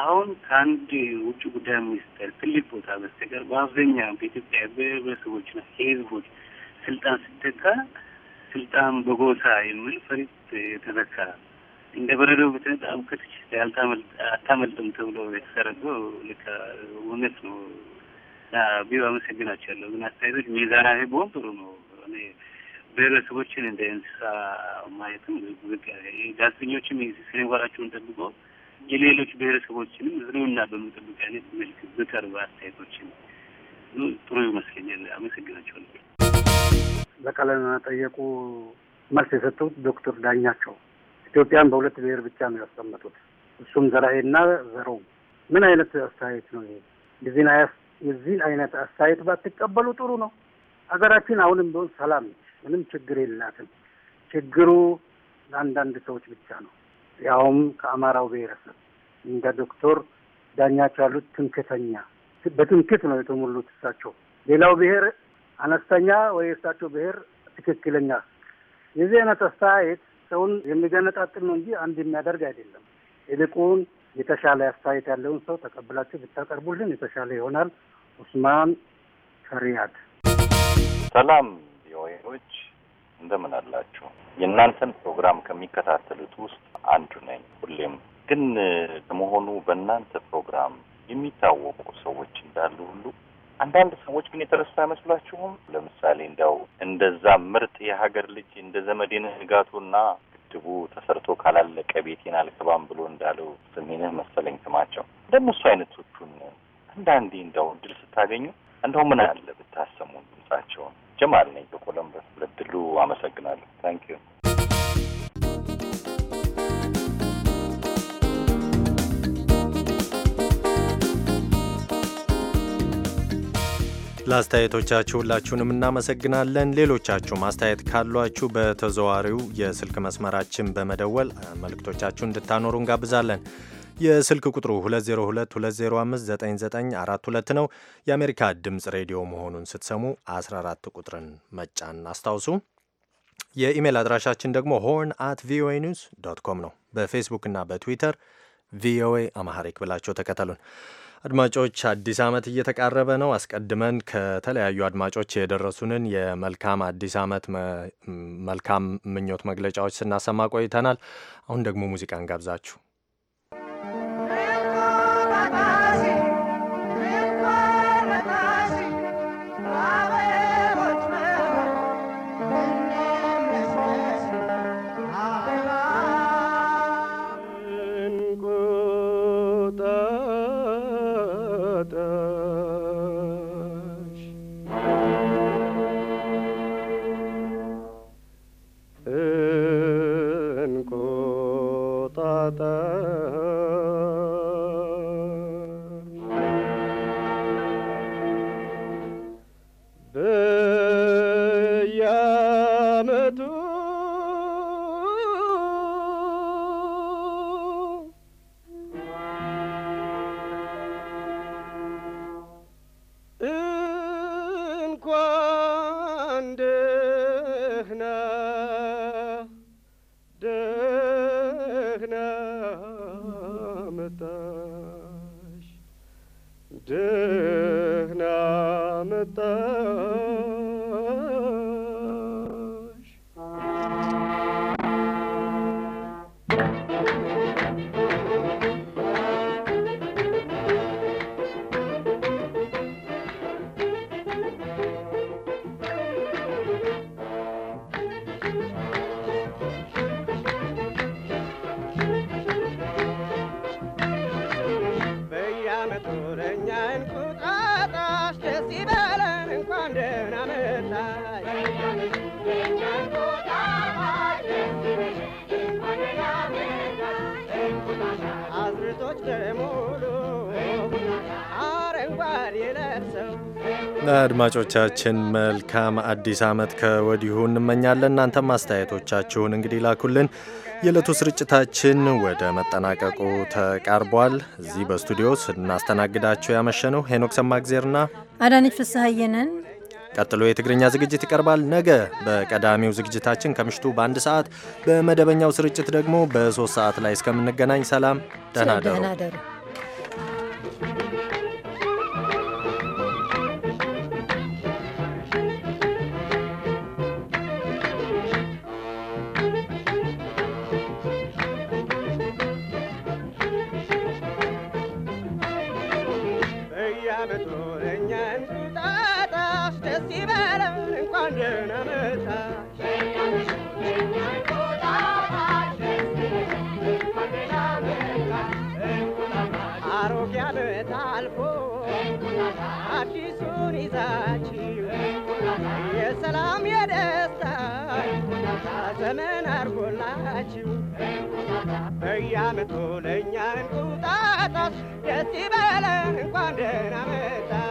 አሁን ከአንድ ውጭ ጉዳይ ሚኒስተር ትልቅ ቦታ በስተቀር በአብዛኛው በኢትዮጵያ በህብረተሰቦችና የህዝቦች ስልጣን ስተካ ስልጣን በጎሳ የሚል ፈሪት የተዘካ እንደ በረዶ በተነጣም ከትች አታመልጥም ተብሎ የተሰረገው ልክ እውነት ነው። ቢሮ አመሰግናቸዋለሁ። ግን አስተያየቶች ሚዛናዊ ቢሆን ጥሩ ነው። ብሔረሰቦችን እንደ እንስሳ ማየትም ጋዜጠኞችም ስነጓራቸውን ጠብቀው የሌሎች ብሔረሰቦችንም ዝንውና በምጠብቅ አይነት መልክ ብቀርብ አስተያየቶችን ጥሩ ይመስለኛል። አመሰግናቸዋለሁ። በቃለ መጠየቁ መልስ የሰጡት ዶክተር ዳኛቸው ኢትዮጵያን በሁለት ብሔር ብቻ ነው ያስቀመጡት፣ እሱም ዘራሄና ዘረው። ምን አይነት አስተያየት ነው ይሄ? የዚህን አይነት አስተያየት ባትቀበሉ ጥሩ ነው። ሀገራችን አሁንም ቢሆን ሰላም፣ ምንም ችግር የላትም። ችግሩ ለአንዳንድ ሰዎች ብቻ ነው። ያውም ከአማራው ብሔረሰብ እንደ ዶክተር ዳኛቸው ያሉት ትምክተኛ በትምክት ነው የተሞሉት እሳቸው። ሌላው ብሔር አነስተኛ ወይ እሳቸው ብሔር ትክክለኛ። የዚህ አይነት አስተያየት ሰውን የሚገነጣጥል ነው እንጂ አንድ የሚያደርግ አይደለም። ይልቁን የተሻለ አስተያየት ያለውን ሰው ተቀብላችሁ ብታቀርቡልን የተሻለ ይሆናል። ኡስማን ፈሪያድ። ሰላም፣ የወይኖች እንደምን አላችሁ? የእናንተን ፕሮግራም ከሚከታተሉት ውስጥ አንዱ ነኝ። ሁሌም ግን ለመሆኑ በእናንተ ፕሮግራም የሚታወቁ ሰዎች እንዳሉ ሁሉ አንዳንድ ሰዎች ግን የተረሳ አይመስሏችሁም? ለምሳሌ እንዲያው እንደዛ ምርጥ የሀገር ልጅ እንደ ዘመዴን ዘመዴንህ ንጋቱና ግድቡ ተሰርቶ ካላለቀ ቤቴን አልገባም ብሎ እንዳለው ስሜንህ መሰለኝ ስማቸው ደግሞ እሱ አይነቶቹን አንዳንዴ እንደው ድል ስታገኙ እንደው ምን አለ ብታሰሙ ድምጻቸውን ጀማል ነኝ በኮሎምበስ ለድሉ አመሰግናለሁ። ታንክ ዩ። ለአስተያየቶቻችሁ ሁላችሁንም እናመሰግናለን። ሌሎቻችሁም አስተያየት ካሏችሁ በተዘዋሪው የስልክ መስመራችን በመደወል መልእክቶቻችሁን እንድታኖሩ እንጋብዛለን። የስልክ ቁጥሩ 2022059942 ነው። የአሜሪካ ድምፅ ሬዲዮ መሆኑን ስትሰሙ 14 ቁጥርን መጫን አስታውሱ። የኢሜል አድራሻችን ደግሞ ሆርን አት ቪኦኤ ኒውስ ዶት ኮም ነው። በፌስቡክና በትዊተር ቪኦኤ አማሐሪክ ብላቸው ተከተሉን። አድማጮች አዲስ ዓመት እየተቃረበ ነው። አስቀድመን ከተለያዩ አድማጮች የደረሱንን የመልካም አዲስ ዓመት መልካም ምኞት መግለጫዎች ስናሰማ ቆይተናል። አሁን ደግሞ ሙዚቃን ጋብዛችሁ አድማጮቻችን መልካም አዲስ ዓመት ከወዲሁ እንመኛለን። እናንተም አስተያየቶቻችሁን እንግዲህ ላኩልን። የዕለቱ ስርጭታችን ወደ መጠናቀቁ ተቃርቧል። እዚህ በስቱዲዮ ስናስተናግዳችሁ ያመሸነው ሄኖክ ሰማግዜርና አዳነች ፍስሐየነን። ቀጥሎ የትግርኛ ዝግጅት ይቀርባል። ነገ በቀዳሚው ዝግጅታችን ከምሽቱ በአንድ ሰዓት፣ በመደበኛው ስርጭት ደግሞ በሶስት ሰዓት ላይ እስከምንገናኝ ሰላም፣ ደህና ደሩ። ዘመን አርጎላችሁ በየዓመቱ ለእኛ እንቁጣጣሽ ደስ ይበለን እንኳን ደህና መጣ